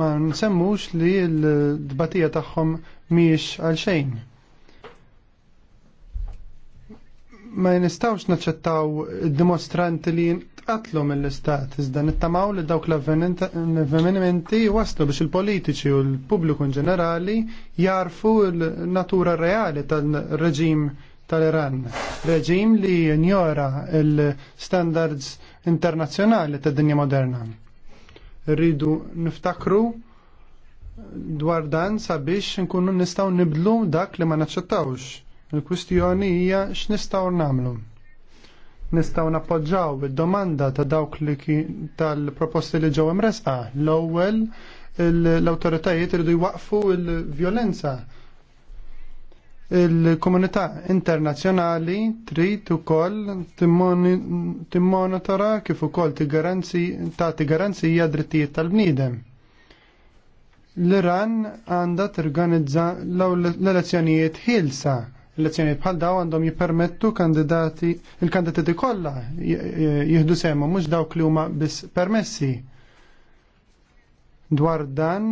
ma nsemmux li l-dbatija tagħhom mhijiex għal xejn. Ma nistgħux naċċettaw id dimostranti li tqatlu mill-istat, iżda nittamaw li dawk l-avvenimenti waslu biex il-politiċi u l-pubbliku in ġenerali jarfu l-natura reali tal-reġim tal-Iran. Reġim li njora l-standards internazzjonali tad-dinja moderna. Rridu niftakru dwar dan sabiex nkunu nistaw nibdlu dak li ma naċċettawx. Il-kwistjoni hija x'nistgħu nagħmlu nistaw nappoġġaw id-domanda ta' dawk li tal-proposti li ġew imresqa. L-ewwel l-awtoritajiet iridu jwaqfu l-vjolenza. Il-komunità internazzjonali trid ukoll timmonitora kif ukoll tagħti garanzija drittijiet tal-bniedem. L-Iran għandha tirganizza l-elezzjonijiet ħilsa l Elezzjonijiet bħal daw għandhom jippermettu kandidati, il-kandidati kollha jieħdu semmu mhux dawk li huma biss permessi. Dwar dan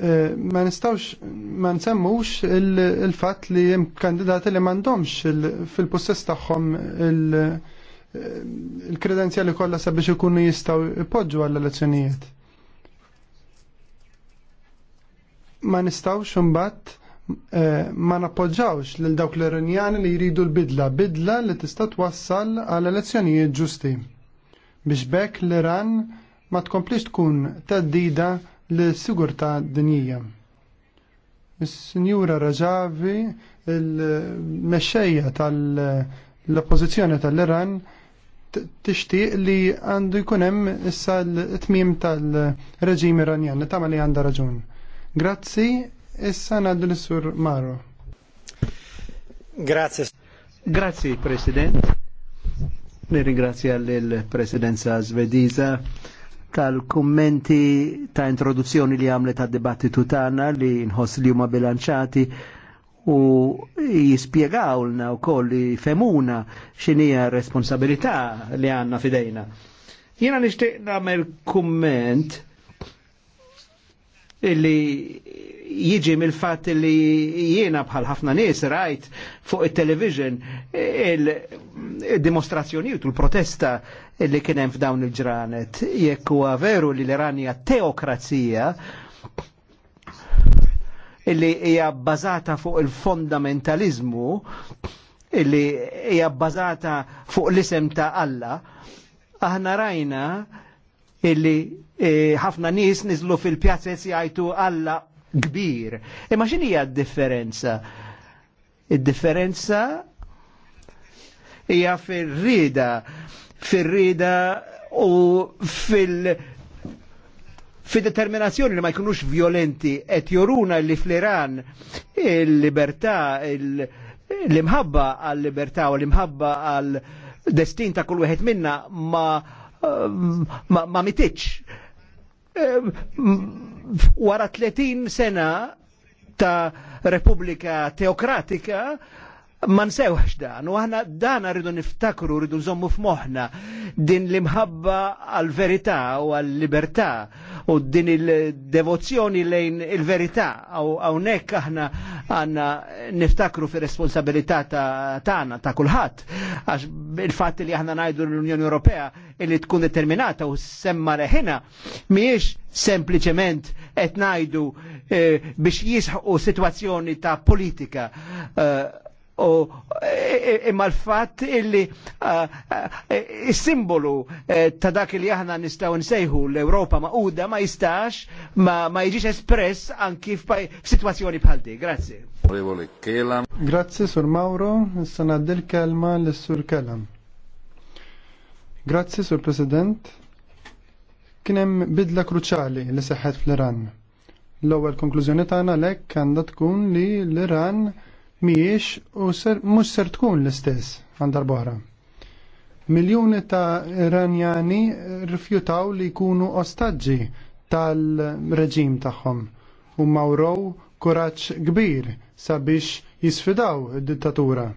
eh, ma nistawx ma nsemmux il-fatt li hemm kandidati li m'għandhomx fil-possess tagħhom eh, il-kredenzjali kollha sabiex ikunu jistgħu ipoġġu għall-elezzjonijiet. Ma nistawx imbagħad Eh, ma nappoġġawx lil dawk l-Iranjani li jridu l-bidla, bidla li tista' twassal għal elezzjonijiet ġusti. Biex bekk l-Iran ma tkomplix tkun teddida l sigurtà dinjija. Is-Sinjura Raġavi, il-mexxejja tal-oppożizzjoni tal-Iran, tixtieq li għandu jkun hemm issa l-tmiem tal-reġim Iranjan li tagħmel li għandha raġun. Grazzi, Issa l-sur Maro. Grazie. Grazie, President. Nirringrazzja l-Presidenza Svediza tal-kummenti ta' introduzzjoni li għamlet ta' dibattitu tagħna li nħoss li huma bilanċati u jispjegawlna u koll li femuna xinija responsabilità li għanna fidejna. Jena nishtiq namel kumment illi jiġi mill-fat li jiena bħal ħafna nies rajt fuq il-television il-dimostrazzjonijiet u l-protesta li kien hemm f'dawn il-ġranet. Jekk huwa veru li l hija teokrazija illi hija bbażata fuq il-fondamentalizmu illi hija bbażata fuq l-isem ta' Alla, aħna rajna illi eh, ħafna nies niżlu fil pjazzi jgħidu Alla kbir. Imma xin hija differenza? Id-differenza hija fir-rida, fir-rida u fil- fi determinazzjoni li ma jkunux violenti et joruna li fl-Iran il-libertà, l-imħabba għal-libertà u l-imħabba għal-destin ta' kull wieħed minna ma, ma, ma mitiċ wara 30 sena ta' Repubblika Teokratika ma nsewħx dan, u aħna dan rridu niftakru, rridu nżommu f'moħħna din l-imħabba għal-verità u għal-libertà u din il-devozzjoni lejn il-verità hawnhekk aħna għandna niftakru fir responsabilità tagħna ta' kulħadd għax il-fatt li aħna ngħidu l-Unjoni Ewropea illi tkun determinata u semma leħina mhijiex sempliċement qed ngħidu eh, biex jisħu sitwazzjoni ta' politika eh, u e, e, imma l-fatt illi il-simbolu e, ta' dak li aħna nistgħu nsejħu l-Ewropa maquda ma jistax ma jiġix espress anki f'sitwazzjoni bħal di. Grazzi. Grazzi Sur Mauro, Sana ngħaddi kelma lis-Sur Kellam. Grazzi Sur President. Kien hemm bidla kruċali li seħħet fl-Iran. L-ewwel konklużjoni tagħna lek għandha tkun li l-Iran miex u ser, mux ser tkun l-istess għandarbora. Miljoni ta' Iranjani rifjutaw li jkunu ostaġġi tal-reġim tagħhom u mawrow kuraġġ kbir sabiex jisfidaw id-dittatura.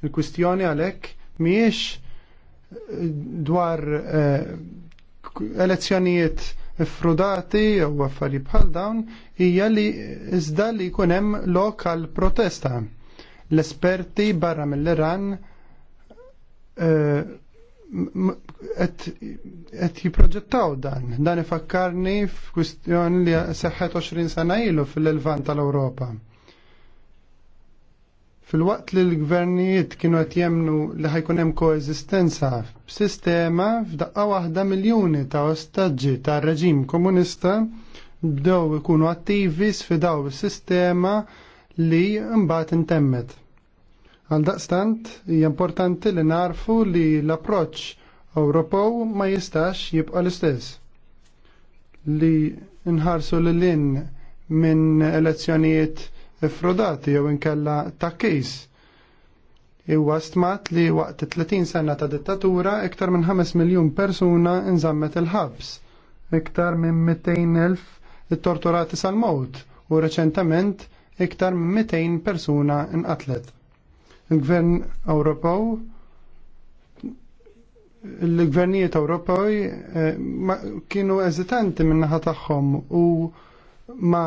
Il-kwistjoni għalhekk miex eh, dwar eh, elezzjonijiet frudati u affarijiet bħal dawn hija li iżda li jkun hemm lokal protesta L-esperti barra mill-Iran qed eh, jiproġettaw dan. Dan ifakkarni f'kwistjoni li seħħet 20 sena ilu fil-Levant tal-Ewropa. Fil-waqt li l-gvernijiet kienu qed jemnu li ħajkun hemm koeżistenza b'sistema f'daqqa waħda miljuni ta' ostaġġi tar reġim komunista bdew ikunu attivi sfidaw is-sistema li mbagħad intemmet. Għal daqstant, hija importanti li narfu li l-approċċ Ewropew ma jistax jibqa' l-istess. Li nħarsu l lin minn elezzjonijiet frodati jew inkella ta' kejs Iwa stmat li waqt 30 sena ta' dittatura iktar minn 5 miljun persuna nżammet il-ħabs, iktar minn 200.000 torturati sal-mowt u reċentament iktar minn 200 persuna inqatlet. Il-Gvern Ewropew il-gvernijiet Ewropej eh, kienu eżitanti min-naħa tagħhom u ma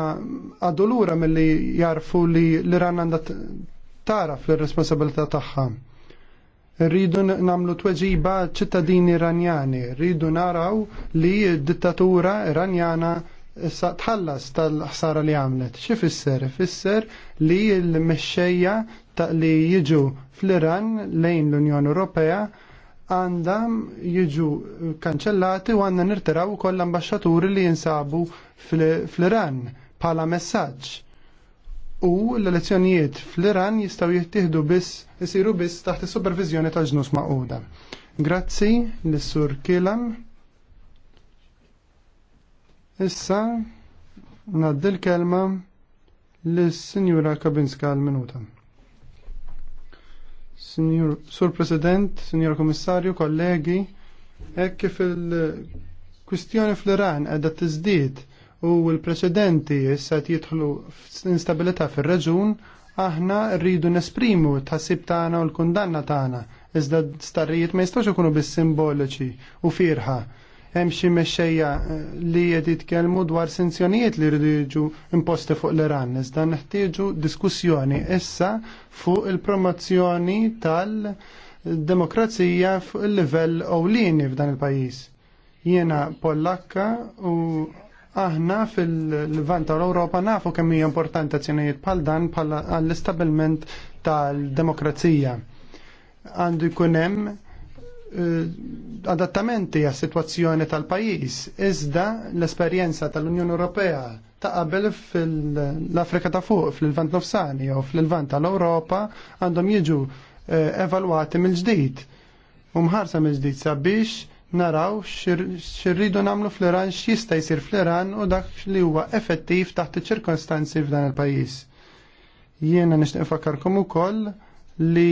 għadu lura mill-li jarfu li l-Iran għandha taraf l-responsabilità tagħha. Rridu namlu tweġiba ċittadini iranjani, rridu naraw li d-dittatura iranjana issa tħallas tal-ħsara li għamlet. Xi fisser? Fisser li l-mexxejja ta' li jiġu fl-Iran lejn l-Unjoni Ewropea għandhom jiġu kanċellati u għandna nirtiraw ukoll l-ambasċaturi li jinsabu fl-Iran bħala messaġġ. U l-elezzjonijiet fl-Iran jistgħu jittieħdu biss isiru biss taħt is-supervizjoni tal-ġnus maquda. Grazzi l-Sur Kilam. Issa ngħaddi l-kelma lis-Sinjura Kabinska għal minuta. Signor, Sur President, Signor Komissarju, kollegi, hekk kif il-kwistjoni fl-Iran qiegħda tiżdied u l-preċedenti issa jidħlu instabilità fir-reġun, aħna rridu nesprimu tħassib tagħna u l-kundanna tagħna iżda d-starijiet ma jistgħux ikunu biss simboliċi u firħa hemm xi mexxejja eh, li qed jitkellmu dwar sanzjonijiet li jridu jiġu imposti fuq l-Iran. Iżda neħtieġu diskussjoni issa fuq il-promozzjoni tal-demokrazija fuq il-livell ewlieni f'dan il-pajjiż. Jiena Pollakka u aħna fil-Levant tal-Ewropa nafu kemm hija importanti azzjonijiet bħal dan bħal għall-istabilment tal-demokrazija. Għandu jkun hemm adattamenti għas situazzjoni tal-pajis, iżda l-esperjenza tal-Unjoni Ewropea ta' qabel fil-Afrika ta' fuq, fil-Vant Nofsani u fil-Vant tal-Ewropa għandhom jiġu eh, evalwati mill-ġdid. Umħarsa mill-ġdid sabiex naraw xirridu namlu fl-Iran x'jista' jsir fl-Iran u dak li huwa effettiv taħt iċ f'dan il-pajjiż. Jiena nixtieq ukoll li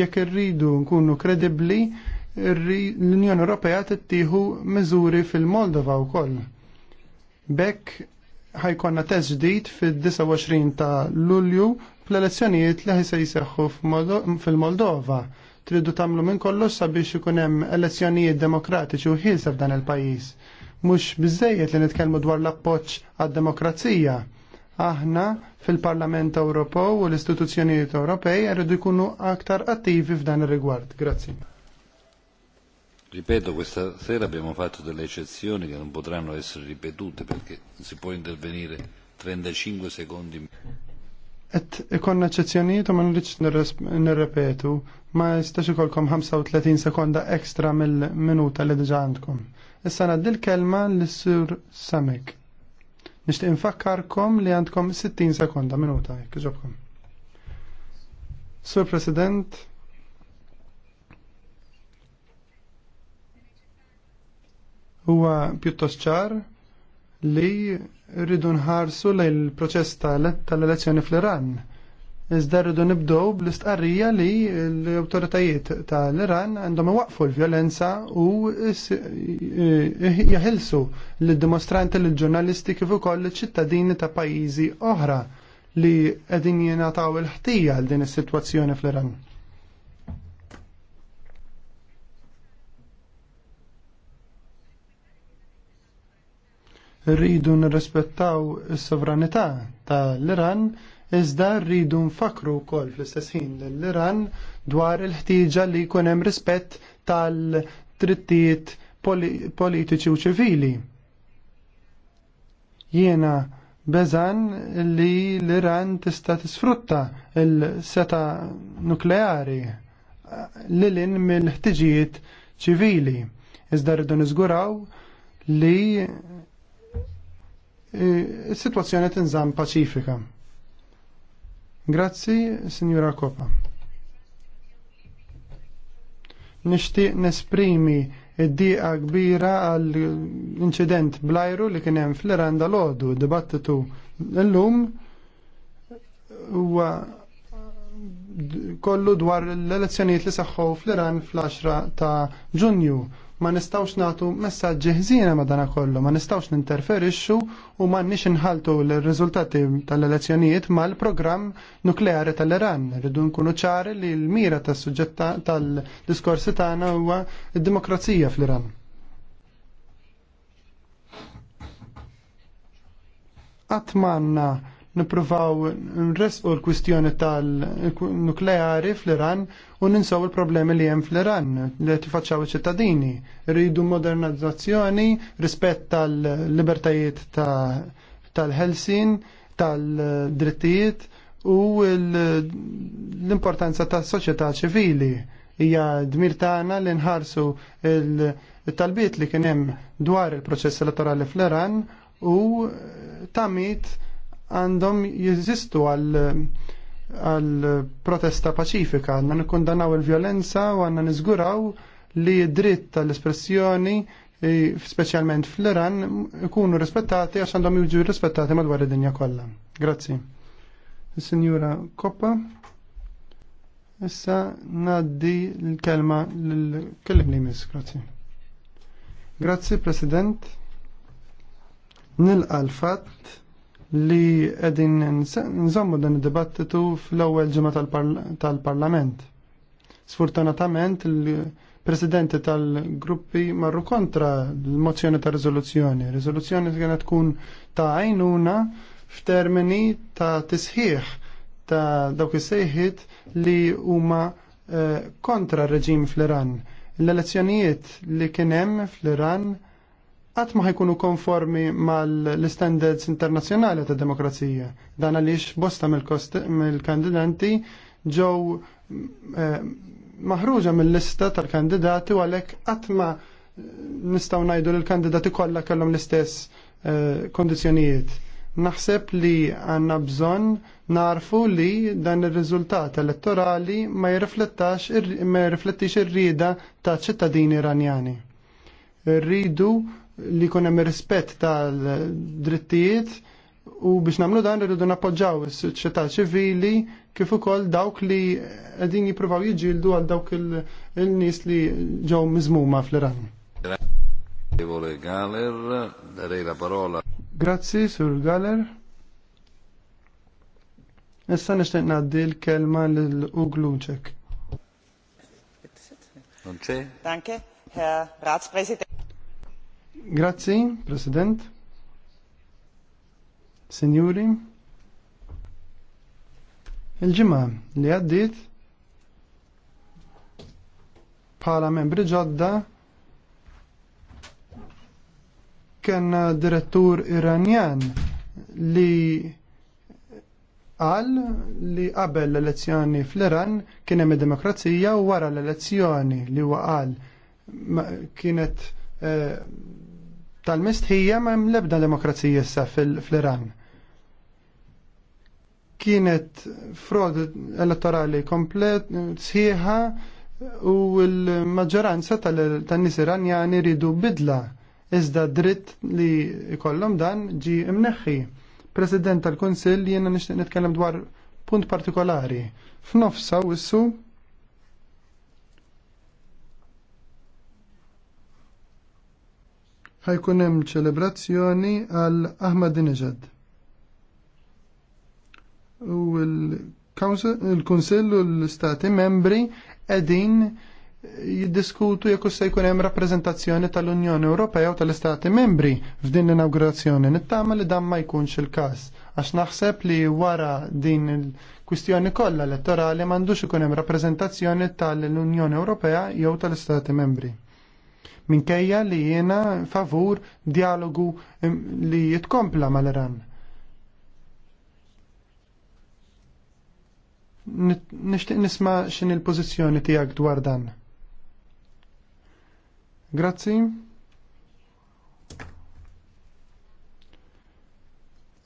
jekk irridu nkunu kredibbli l-Unjoni Ewropea tittieħu miżuri fil-Moldova wkoll. Bekk ħajkonna test ġdid fid-29 ta' Lulju fl-elezzjonijiet li se jiseħħu fil-Moldova. Tridu tagħmlu minn kollox sabiex ikun hemm elezzjonijiet demokratiċi u ħilsa f'dan il-pajjiż. Mhux biżejjed li nitkellmu dwar l-appoġġ għad-demokrazija aħna fil-Parlament Ewropew u l-istituzzjonijiet Ewropej rridu jkunu aktar attivi f'dan ir-rigward. Grazzi. Ripeto, questa sera abbiamo fatto delle eccezioni che non potranno essere ripetute perché si può intervenire 35 secondi in più. Et ikonna eccezzjonijiet u ma nridx nirrepetu ma jistax ikolkom 35 sekonda ekstra mill-minuta li diġa għandkom. Issa ngħaddi kelma lis-Sur Samek. Nixtieq infakkarkom li għandkom 60 sekonda minuta, jekk ġobkom. Sur President, huwa pjuttost ċar li rridu nħarsu lejn il-proċess tal-elezzjoni fl-Iran. Iżda rridu nibdow bl-istqarrija li l-autoritajiet tal-Iran għandhom iwaqfu l-vjolenza u e, e, jaħilsu l-dimostranti l-ġurnalisti kif ukoll ċittadini ta' pajjiżi oħra li qegħdin jingħataw il-ħtija għal din is-sitwazzjoni fl-Iran. rridu nirrispettaw is-sovranità tal-Iran iżda rridu nfakru wkoll fl-istess ħin lill-Iran dwar il-ħtieġa li jkun hemm rispett tal-drittijiet politiċi u ċivili. Jiena beżan li l-Iran tista' tisfrutta l-seta nukleari lilin mill-ħtiġijiet ċivili. Iżda rridu niżguraw li is-sitwazzjoni e, pacifika. paċifika. Grazzi, Signora Kopa. Nixtieq nesprimi id-diqa kbira għall-inċident blajru li kien hemm fl-Iranda l ħodu dibattitu l-lum u kollu dwar l-elezzjonijiet li saħħu fl-Iran fl-10 ta' Ġunju ma nistawx natu messaġġi ħżiena madana kollu, ma nistawx ninterferixxu u ma nix nħaltu l-riżultati tal-elezzjonijiet mal-programm nukleari tal-Iran. Rridu nkunu ċari li l-mira tas-suġġett tal-diskorsi tagħna huwa d-demokrazija fl-Iran. Atmanna nipruvaw nresqu l-kwistjoni tal-nukleari fl-Iran u ninsaw il-problemi li hemm fl-Iran li tifacċaw iċ-ċittadini. Rridu modernizzazzjoni, rispett tal-libertajiet tal helsin tal-drittijiet u l-importanza tas-soċjetà ċivili hija dmir tagħna li nħarsu il-talbiet li kien hemm dwar il-proċess elettorali fl-Iran u tamit għandhom jeżistu għal għal protesta paċifika, għanna nikkundanaw il-violenza u għanna nizguraw li dritt tal-espressjoni specialment fl-Iran ikunu rispettati għax għandhom jiġu rispettati madwar id-dinja kollha. Grazzi. Signora Koppa. Issa naddi l-kelma l-kellim li mis, grazzi. Grazzi, President. nil l-fatt li qegħdin nżommu dan id-dibattitu fl-ewwel ġimgħa tal-Parlament. Sfortunatament il-presidenti tal-gruppi marru kontra l-mozzjoni ta' riżoluzzjoni. Riżoluzzjoni kienet tkun ta' għajnuna f'termini ta' tisħiħ ta' dawk is-sejħiet li huma eh, kontra r-reġim fl-Iran. L-elezzjonijiet li kien hemm fl-Iran qatt ma ħajkunu konformi mal-standards internazzjonali ta' demokrazija. Dan għaliex bosta mill-kandidanti ġew eh, maħruġa mill-lista tal-kandidati u għalhekk qatt ma nistgħu ngħidu l-kandidati kollha kellhom l-istess eh, kondizjonijiet. Naħseb li għandna bżonn narfu li dan ir-riżultat elettorali ma jirriflettax ma jirriflettix ir-rieda ta' ċittadini Iranjani. Rridu li jkun hemm rispett tal-drittijiet u biex nagħmlu dan irridu nappoġġaw is-soċjetà ċivili kif ukoll dawk li qegħdin jippruvaw jiġġieldu għal dawk il-nies li ġew miżmuma fl-Iran. Galer, la parola. Grazzi, Sur Galer. Issa nixtieq ngħaddi l-kelma lil Ugluċek. Non c'è? Danke, Herr Ratspräsident. Grazzi, President. Signori, il-ġimgħa li għaddiet bħala membri ġodda kena direttur iranjan li għal li qabel l-elezzjoni fl-Iran kien hemm demokrazija u wara l-elezzjoni li huwa kienet eh, tal-mistħija ma' mlebda demokrazija issa fil-Iran. Kienet frod elettorali komplet, sħiħa u l-maġġoranza tal-nis iranjani ridu bidla iżda dritt li jkollhom dan ġi imneħħi. President tal kunsill jiena nixtieq nitkellem dwar punt partikolari. F'nofsa wissu ħajkun hemm ċelebrazzjoni għal Ahmadinejad. U l-Kunsill u l-Stati membri qegħdin jiddiskutu jekk se jkun hemm rappreżentazzjoni tal-Unjoni Ewropea u tal-Istati Membri f'din l-inaugurazzjoni. Nittama li dan ma jkunx il-każ għax naħseb li wara din il-kwistjoni kollha elettorali m'għandux ikun hemm rappreżentazzjoni tal-Unjoni Ewropea jew tal-Istati Membri minkejja li jiena favur dialogu li jitkompla mal-Iran. Nishtiq nisma xin il-pozizjoni tijak dwar dan. Grazzi.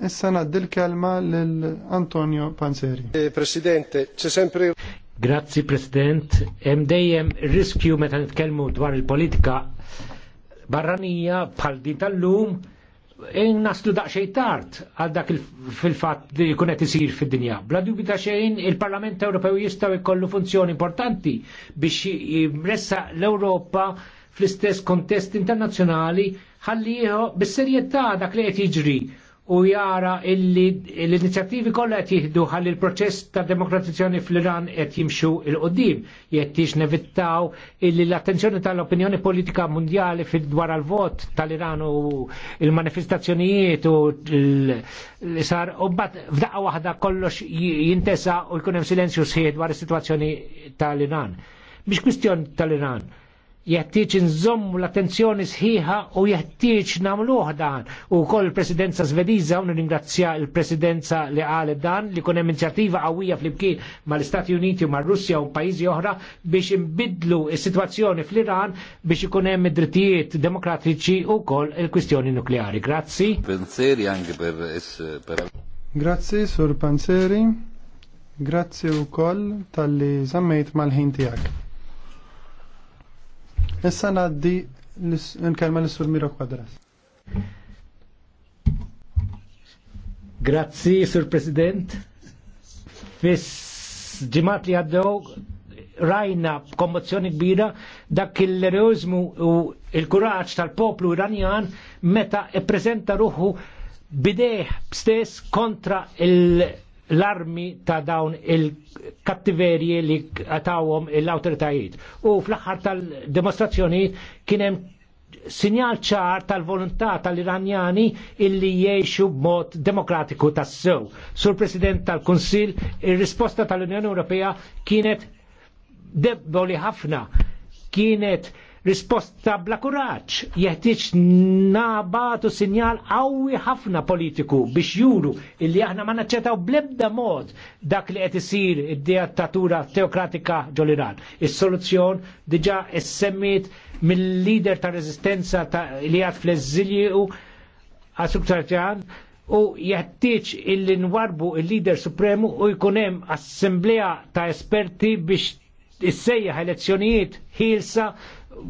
Issa naddi l-kelma l-Antonio Panzeri. Eh, Presidente, c'è sempre... Grazzi President, hemm dejjem riskju meta nitkellmu dwar il-politika barranija bħal din tal-lum e naslu daqxej tard għal dak fil-fat li qed isir fid-dinja. Bla dubita ta' xejn il-Parlament Ewropew jistgħu jkollu funzjoni importanti biex jimressa l-Ewropa fl-istess kontest internazzjonali ħalliħu bis-serjetà dak li qed jiġri u jara l-inizjattivi kollha qed jieħdu ħalli l-proċess ta' demokratizzjoni fl-Iran qed jimxu il qoddim jix nevittaw illi l-attenzjoni tal-opinjoni politika mondjali fil dwar għal-vot tal-Iran u il-manifestazzjonijiet u l-sar u bat f'daqqa waħda kollox jintesa u jkun hemm silenzju sħiħ dwar is-sitwazzjoni tal-Iran. Biex kwistjoni tal-Iran jeħtieġ nżomm l-attenzjoni sħiħa u jeħtieġ namluħ dan. U kol presidenza svediza, u nirringrazzja l-Presidenza li għale dan li kun hemm fl-imkien flimkien mal-Istati Uniti u mar-Russja u pajjiżi oħra biex inbidlu s-sitwazzjoni fl-Iran biex ikun hemm id-drittijiet demokratiċi u kol il-kwistjoni nukleari. Grazzi. Panzeri anche per per Grazzi Sur Panzeri. Grazzi u kol tal-li zammejt mal-ħin tiegħek. Issa naddi nkelma l-Sur Miro Kwadras. Grazzi, Sur President. Fis ġimat li għaddew rajna kommozzjoni kbira dak il-eroizmu u il-kuraġġ tal-poplu iranjan meta e prezenta ruħu bideħ stess kontra il- l-armi ta' dawn il-kattiverji li għatawom l-autoritajiet. U fl-aħħar tal-demonstrazzjoni kienem sinjal ċar tal-volontà tal-Iranjani illi jiexu b'mod demokratiku tas-sew. Sur President tal-Kunsil, ir-risposta tal-Unjoni Ewropea kienet deboli ħafna, kienet risposta bla kuraġġ jeħtieġ nabatu sinjal qawwi ħafna politiku biex juru illi aħna ma naċċettaw blebda mod dak li qed isir id-dittatura teokratika ġoliran. Is-soluzzjon diġà issemmit mill-lider ta' reżistenza li għad fl-eżilju għasuktarġan u jeħtieġ illi nwarbu il-lider supremu u jkun hemm assembleja ta' esperti biex issejjaħ elezzjonijiet ħilsa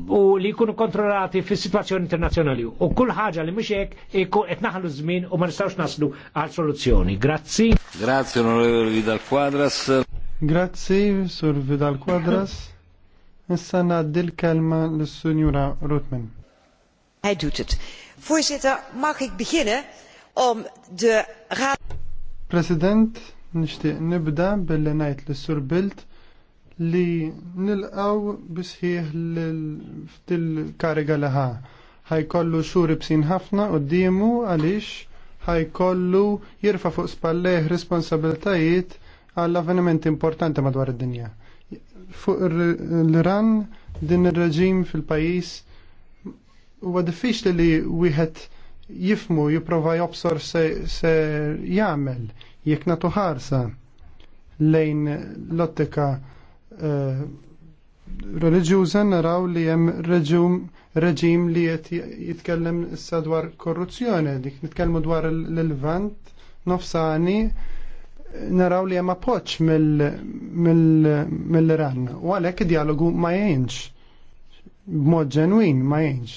u li jkunu kontrollati fis situazzjoni internazzjonali. U kull ħaġa li mhux hekk ikun qed naħlu żmien u ma nistgħux naslu għal soluzzjoni. Grazzi. Grazzi onorevoli Vidal Quadras. Grazzi sur Vidal Quadras. Issa ngħaddi l-kelma lis-Sinjura Rutman. Hij doet het. Voorzitter, mag ik beginnen om de raad. President, nishtiq nibda billi ngħid lis-Sur Bilt li nilqaw bisħieħ l-kariga liħa. ħajkollu xur bsin ħafna u d-dimu għalix ħajkollu jirfa fuq spalleħ responsabiltajiet għall avvenimenti importanti madwar id-dinja. Fuq l-Iran din ir-reġim fil-pajis u diffiċli li wieħed jifmu jipprova jobsor se, se jagħmel jekk natu ħarsa lejn l-ottika Eh, reliġjuża naraw li hemm reġim li qed jitkellem issa dwar korruzzjoni, dik nitkellmu dwar l-Levant nofsani naraw li hemm appoġġ mill-Iran. U għalhekk dialogu ma jgħinx b'mod ġenwin ma jgħinx.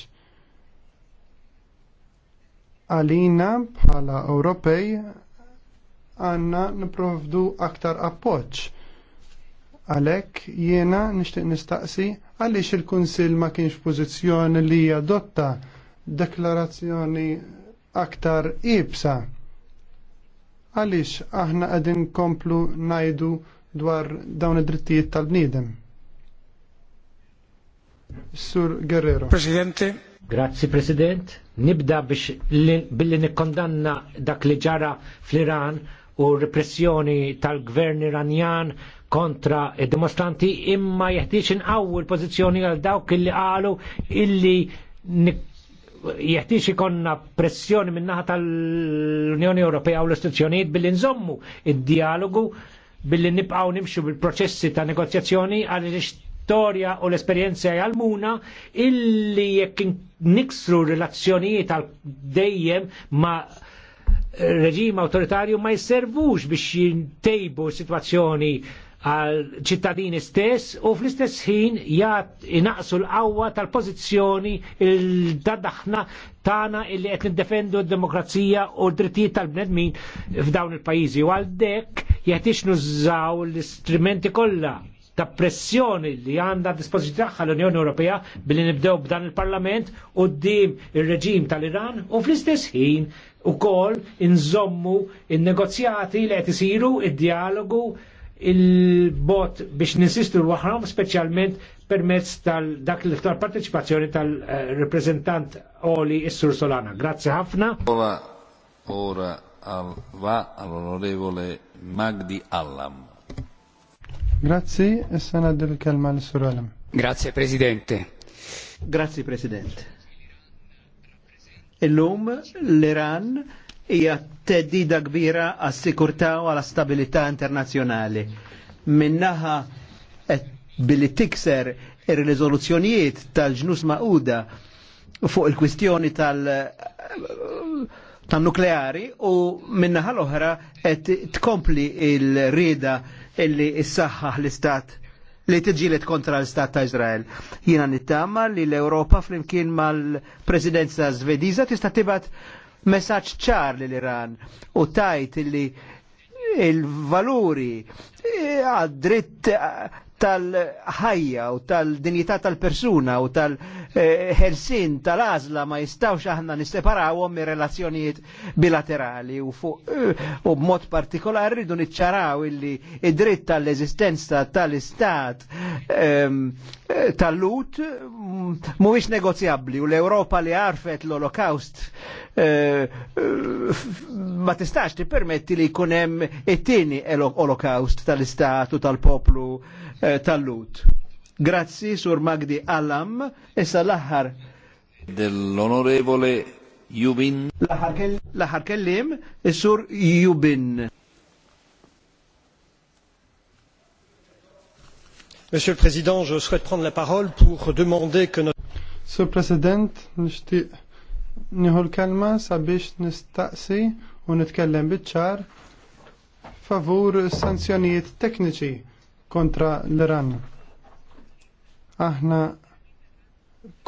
Għalina bħala Ewropej għandna nipprovdu aktar appoġġ Għalhekk jiena nixtieq nistaqsi għaliex il-Kunsill ma kienx pożizzjoni li adotta deklarazzjoni aktar ibsa. Għaliex aħna qegħdin komplu najdu dwar dawn id-drittijiet tal-bniedem. Sur Guerrero. Presidente. Grazzi President. Nibda biex billi nikkondanna dak li ġara fl-Iran u repressjoni tal-gvern iranjan kontra id-dimostranti imma jeħtieġ inqawwu l-pożizzjoni għal dawk illi qalu illi jeħtieġ ikonna pressjoni minnaħa tal-Unjoni Ewropea u l-istituzzjonijiet billi nżommu id-dialogu billi nibqgħu nimxu bil-proċessi ta' negozjazzjoni għal l-istorja u l-esperjenza jgħalmuna illi jekk niksru relazzjonijiet għal dejjem ma' reġim autoritarju ma jservux biex jintejbu situazzjoni għal ċittadini stess u fl-istess ħin inaqsu l-qawwa tal-pożizzjoni il daddaħna tana illi qed niddefendu d-demokrazija u d-drittijiet tal-bnedmin f'dawn il-pajjiżi u għal dek jeħtiex nużaw l-istrumenti kollha ta' pressjoni li għandha dispożizzjoni tagħha l-Unjoni Ewropea billi nibdew b'dan il-Parlament u d-dim ir-reġim tal-Iran u fl-istess ħin ukoll inżommu il negozjati li qed isiru il dialogu il-bot biex ninsistu l-waħram, specialment permezz tal-dak l-iktar partecipazzjoni tal-reprezentant Oli Issur Solana. Grazie ħafna. Ora, ora va all'onorevole Magdi Allam. Grazie, e sana del kelma l-Sur Allam. Grazie, Presidente. Grazie, Presidente. Illum e l-Iran hija teddida kbira għas sikurtà u għal stabilità internazzjonali. Minnaħa billi tikser ir-riżoluzzjonijiet tal-ġnus maquda fuq il-kwistjoni tal- tan nukleari u minnaħa l-oħra qed tkompli il-rieda illi issaħħaħ l-istat li tiġilet kontra l istat ta' Izrael. Jiena nittama li l ewropa flimkien mal-presidenza svediza tista' tibat messaċ ċar li l-Iran u tajt li il-valuri eh, għad-dritt tal-ħajja u tal-dinjità tal-persuna u tal ħersin tal-azla ma jistawx aħna nisseparawhom mir relazzjonijiet bilaterali u fuq u b'mod partikolari rridu niċċaraw illi id-dritt tal-eżistenza tal-istat ehm, tal-lut mm, mhuwiex negozjabbli u l-Ewropa li għarfet l-Olokaust eh, ma tistax tippermetti li jkun hemm it-tieni Olokaust tal-istat u tal-poplu Eh, tal-lut. Grazzi, Sur Magdi Allam, issa l-aħħar. Jubin. L-aħħar kellim, eh, Sur Jubin. Monsieur le Président, je souhaite prendre la parole pour demander que notre... Monsieur le Président, nishtiq nieħu l sabiex nistaqsi u nitkellem biċ favur sanzjonijiet tekniċi kontra l-Iran. Aħna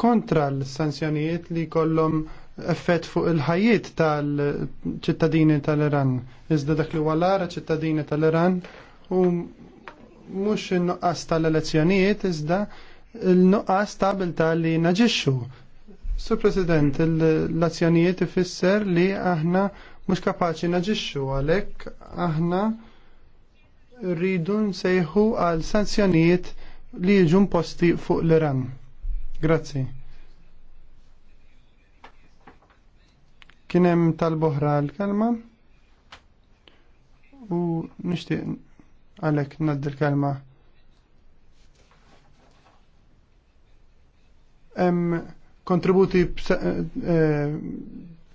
kontra l-sanzjonijiet li kollom effett fuq il-ħajiet tal-ċittadini tal-Iran. Iżda dak li walara ċittadini tal-Iran u mux il-nuqqas tal-elezzjonijiet iżda il-nuqqas tabilta li naġixxu. Sur President, l-azzjonijiet ifisser li aħna mux kapaċi naġixxu għalek aħna rridu nsejħu għal sanzjonijiet li jiġu imposti fuq l-Iran. Grazzi. Kien hemm tal-boħra l-kelma u nixtieq għalhekk ngħaddi l-kelma. Hemm kontributi eh,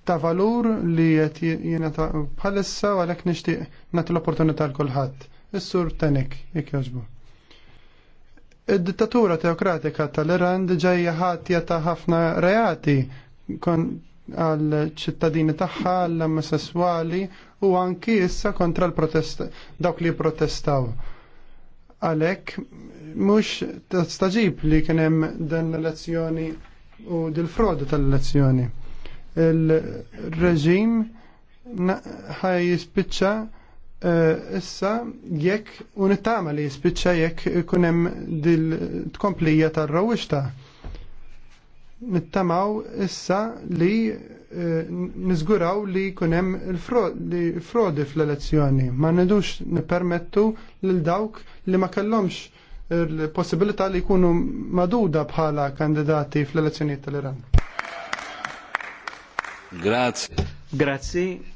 ta' valur li qed jiena ta' bħalissa u għalhekk nixtieq nagħti l-opportunità l kulħadd. Is-sur Tanik, jek joġbu. Id-dittatura teokratika tal-Iran ġejja ħatja ta' ħafna reati kon għal ċittadini tagħha għall omosessuali u anki issa kontra l-protest dawk li protestaw. Għalek, mux staġib li kienem dan l-elezzjoni u dil-frodu tal-elezzjoni. Il-reġim ħaj jispicċa Eh, issa jekk unittama li jispiċċa jekk kunem dil-tkomplija tar-rawixta. Nittamaw issa li eh, nizguraw li kunem il-frodi fl-elezzjoni. Ma nidux nipermettu l-dawk li ma kellomx il-possibilità li jkunu maduda bħala kandidati fl-elezzjonijiet tal-Iran. Grazie. Grazie.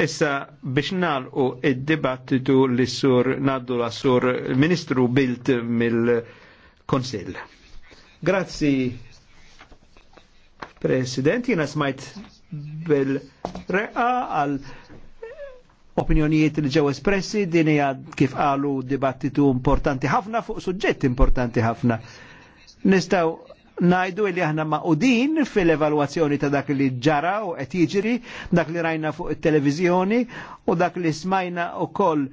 Issa biex nalqu id-dibattitu li sur naddu la sur ministru Bilt mill-Konsil. Grazzi, President, jina smajt bil-reqa għal opinjonijiet li ġew espressi din hija kif qalu dibattitu importanti ħafna fuq suġġett importanti ħafna. Nistgħu najdu li aħna maqudin fil-evaluazzjoni ta' dak li ġara u qed jiġri, dak li rajna fuq it-televiżjoni u dak li smajna ukoll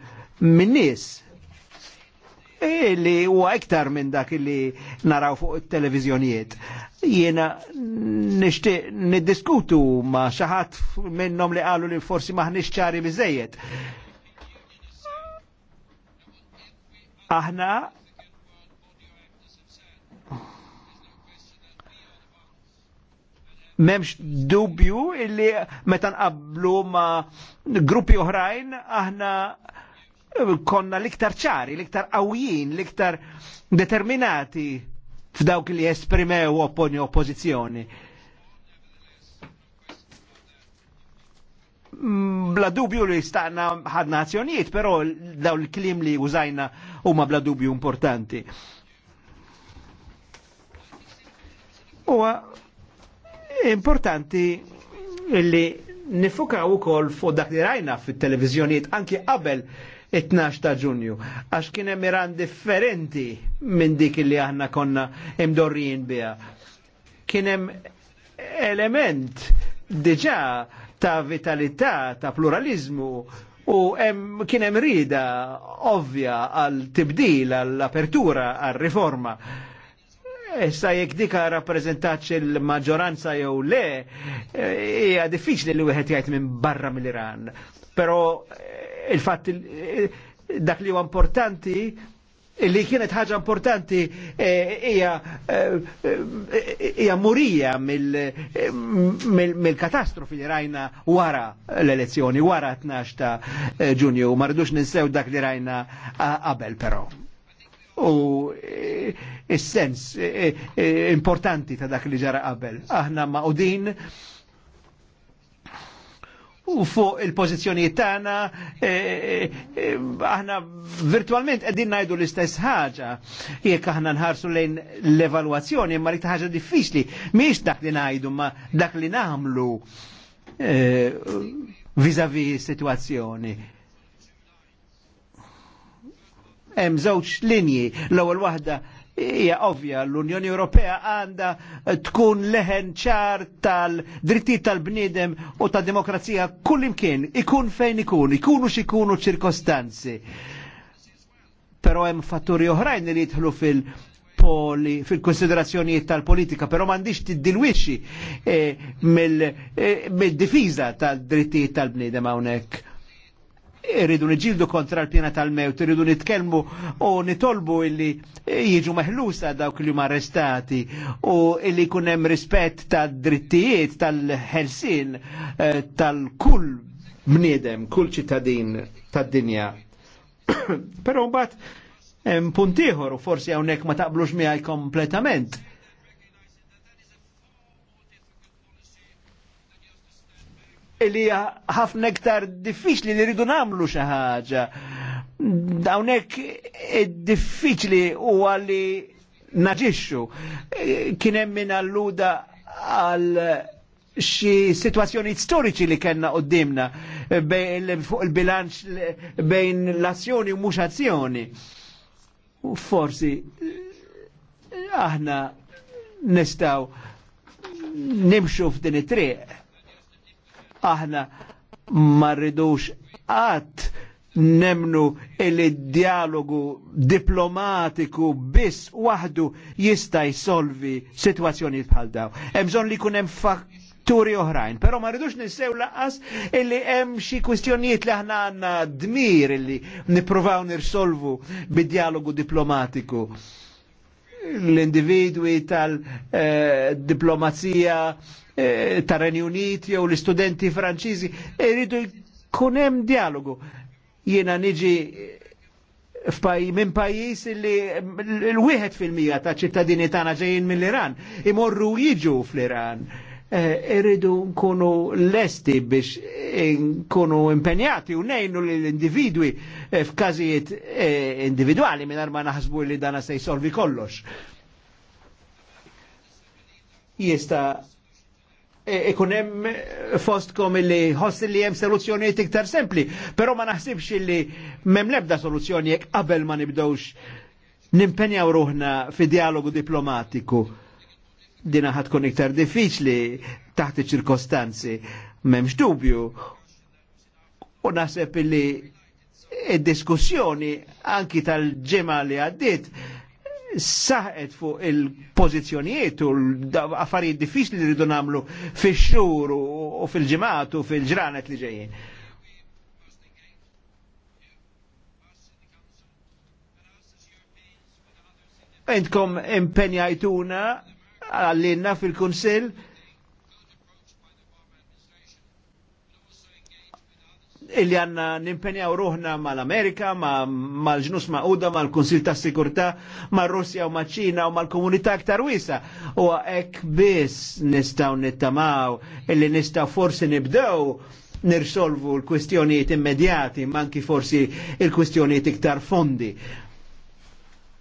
minn nies e li huwa iktar minn dak li naraw fuq it-televiżjonijiet. Jiena nixtieq niddiskutu ma' xi ħadd minnhom li qalu li forsi maħniex ċari biżejjed. Aħna memx dubju illi meta qablu ma gruppi oħrajn aħna konna liktar ċari, liktar qawjin, liktar determinati f'dawk li esprimew opponi oppożizzjoni. Mm, bla dubju li staqna ħadna nazzjonijiet però daw il-klim li użajna huma bla dubju importanti. Uwa importanti li nifukaw ukoll fuq dak li rajna fit televizjoniet anki qabel 12 ta' ġunju, għax kien hemm Iran differenti minn dik li aħna konna imdorrijin biha. Kien hemm element diġà ta' vitalità, ta' pluralizmu u kien hemm rida ovvja għal tibdil, għall apertura, għal riforma. Issa eh, jekk dika rappreżentax il-maġġoranza jew le, eh, hija diffiċli li wieħed jgħid minn barra mill-Iran. Però eh, il-fatt dak li huwa importanti li kienet ħaġa importanti hija hija murija mill-katastrofi li rajna wara l-elezzjoni, wara 12 ta' Ġunju, ma rridux ninsew dak li rajna qabel però. U is-sens eh, eh, eh, importanti ta' dak li ġara qabel. Aħna ma' udin u fuq il pożizzjonijiet tagħna aħna virtualment qegħdin ngħidu l-istess ħaġa jekk aħna nħarsu lejn l-evalwazzjoni imma li ħaġa diffiċli mhix dak li ngħidu ma dak li nagħmlu vis-à-vis situazzjoni. Hemm żewġ linji l-ewwel waħda hija ovvja l-Unjoni Ewropea għandha tkun leħen ċar tal-drittijiet tal-bniedem u tad-demokrazija kullimkien, ikun fejn ikun, ikunu x'ikunu ċirkostanzi. Però hemm fatturi oħrajn li jidħlu fil- poli fil-konsiderazzjonijiet tal-politika, però m'għandix tiddilwixxi eh, eh mill-difiża eh, mil tal-drittijiet tal-bniedem hawnhekk irridu niġildu kontra l-pjena tal-mewt, irridu nitkelmu u nitolbu illi jiġu meħlusa dawk li huma arrestati u illi kunem rispett tal drittijiet tal-ħelsin eh, tal-kull mniedem, kull ċittadin tad-dinja. Però mbagħad punt ieħor u forsi hawnhekk ma taqblux miegħi kompletament li ħafna iktar diffiċli li rridu nagħmlu xi ħaġa. Dawnek diffiċli huwa li naġixxu. Kien hemm min alluda għal xi situazzjoni storiċi li kellna qoddimna fuq il-bilanċ bejn l-azzjoni u mhux azzjoni. Forsi aħna nistaw nimxu f'din it-triq aħna ma għat qatt nemnu il-dialogu diplomatiku biss waħdu jista' jsolvi situazzjoni bħal daw. Emżon li jkun hemm fatturi oħrajn, però ma rridux nissew laqas illi hemm xi kwistjonijiet li aħna għandna dmir illi nippruvaw nirsolvu bid-dialogu diplomatiku l-individwi tal-diplomazija eh, Eh, ta' Renju Unit jew l-istudenti Franċiżi, irridu jkun hemm dialogu. Jiena niġi eh, minn pajis li eh, l-wieħed fil-mija ta' ċittadini tagħna ġejjin mill-Iran imorru jiġu fl-Iran. Irridu e, nkunu lesti biex nkunu impenjati u nejnu l-individwi f'każijiet individwali minn ma naħsbu li dana se jsolvi kollox. Jista' E, ikunem fostkom illi ħoss li jem soluzzjoniet iktar sempli, pero ma naħsibx illi mem lebda soluzzjoni jek qabel ma nibdewx nimpenjaw ruħna fi dialogu diplomatiku. Dina ħatkun iktar diffiċli taħt ċirkostanzi, memx dubju. U naħseb illi id-diskussjoni anki tal ġemali li għaddit saħet fuq il-pozizjonijiet u l-affarijiet diffiċli li rridu namlu fix-xhur u fil-ġimgħat u fil-ġranet li ġejjin. Entkom impenjajtuna għallinna fil-Kunsill illi għanna nimpenjaw ruħna mal-Amerika, mal-ġnus ma'uda, mal-Konsil ta' Sikurta, mal-Russja u mal-ċina u mal-komunità aktar wisa. U għek bis nistaw nittamaw illi nistaw forsi nibdew nirsolvu l-kwistjonijiet immedjati, manki forsi l-kwistjonijiet iktar fondi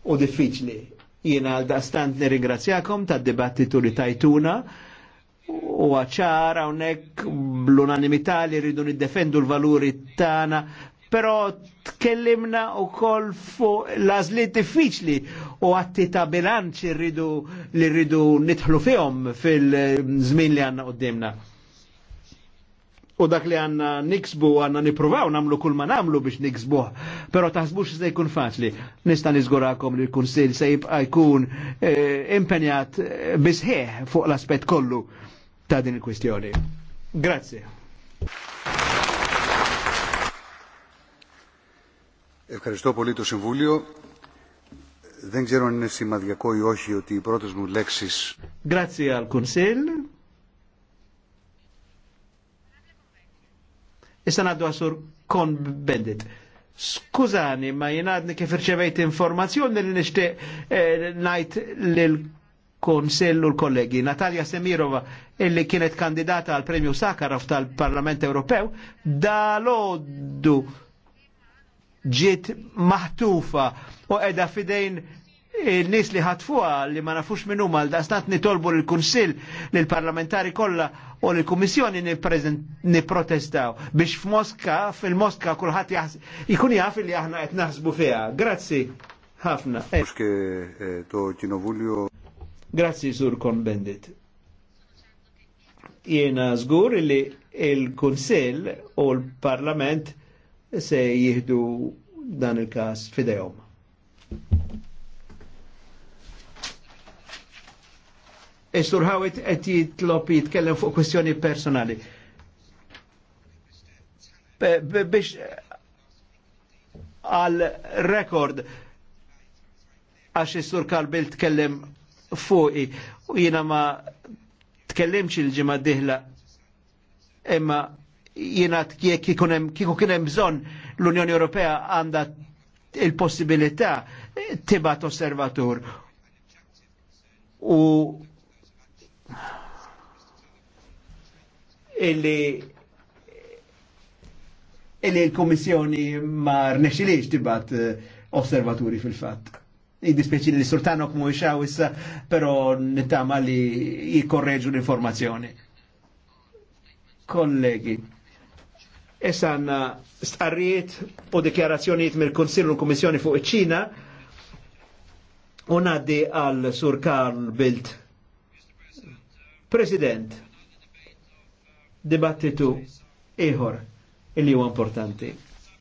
u diffiċli. Jiena għal-dastant nirringrazzjakom tad dibattitu li tajtuna u għacħara għonek bl-unanimità li rridu niddefendu l-valuri tana, pero tkellimna u koll fuq lażli diffiċli u għatti ta' bilanċ rridu li rridu nitħlu fihom fil-żmien li għanna qoddimna. U dak li għanna niksbu għanna nipruvaw namlu kull ma namlu biex niksbu. pero taħsbux se jkun faċli. Nista nizgurakom li l-Kunsil se jibqa jkun eh, impenjat eh, bisħeħ fuq l-aspet kollu ta' din il-kwistjoni. Grazie. Ευχαριστώ πολύ το Συμβούλιο. Δεν ξέρω αν είναι σημαντικό ή όχι ότι οι πρώτες μου λέξεις... Grazie al Consiglio. Issa għaddu għasur kon bendit. Skużani, ma jenadni kif irċevejt informazzjoni δεν είναι στε νάιτ λελ konsellu l-kollegi. Natalia Semirova, illi kienet kandidata għal premju Sakharov tal-Parlament Ewropew, dal-oddu ġiet maħtufa u edha fidejn il-nis li ħatfuha li ma nafux minnu mal daqstant nitolbu l kunsill l-parlamentari kollha u l-Kummissjoni niprotestaw biex f'Moska, fil-Moska kulħadd jkun jaf li aħna qed naħsbu fiha. Grazzi ħafna. Eh, Grazzi, Sur Konbendit. Jena zgur li il-Kunsel u l-Parlament se jihdu dan il-kas fidejom. Estur Hawit et jitlop jitkellem fuq kwestjoni personali. Biex għal rekord għax Estur kalbil tkellem fuqi u jiena ma tkellimx il-ġimgħa diħla imma jiena kiku kieku kien hemm bżonn l-Unjoni Ewropea għandha il-possibilità tibat osservatur u illi illi l-Komissjoni ma rnexilix tibat eh, osservaturi fil-fatt. Jiddispieċi li sultanok mu ixaw issa, pero nittama li jikorreġu l-informazzjoni. Kollegi, issa għanna stqarriet u dikjarazzjoniet mill-Konsillu l Komissjoni fuq iċ-Ċina u naddi għal Sur Karl Bilt. President, dibattitu iħor il-li huwa importanti.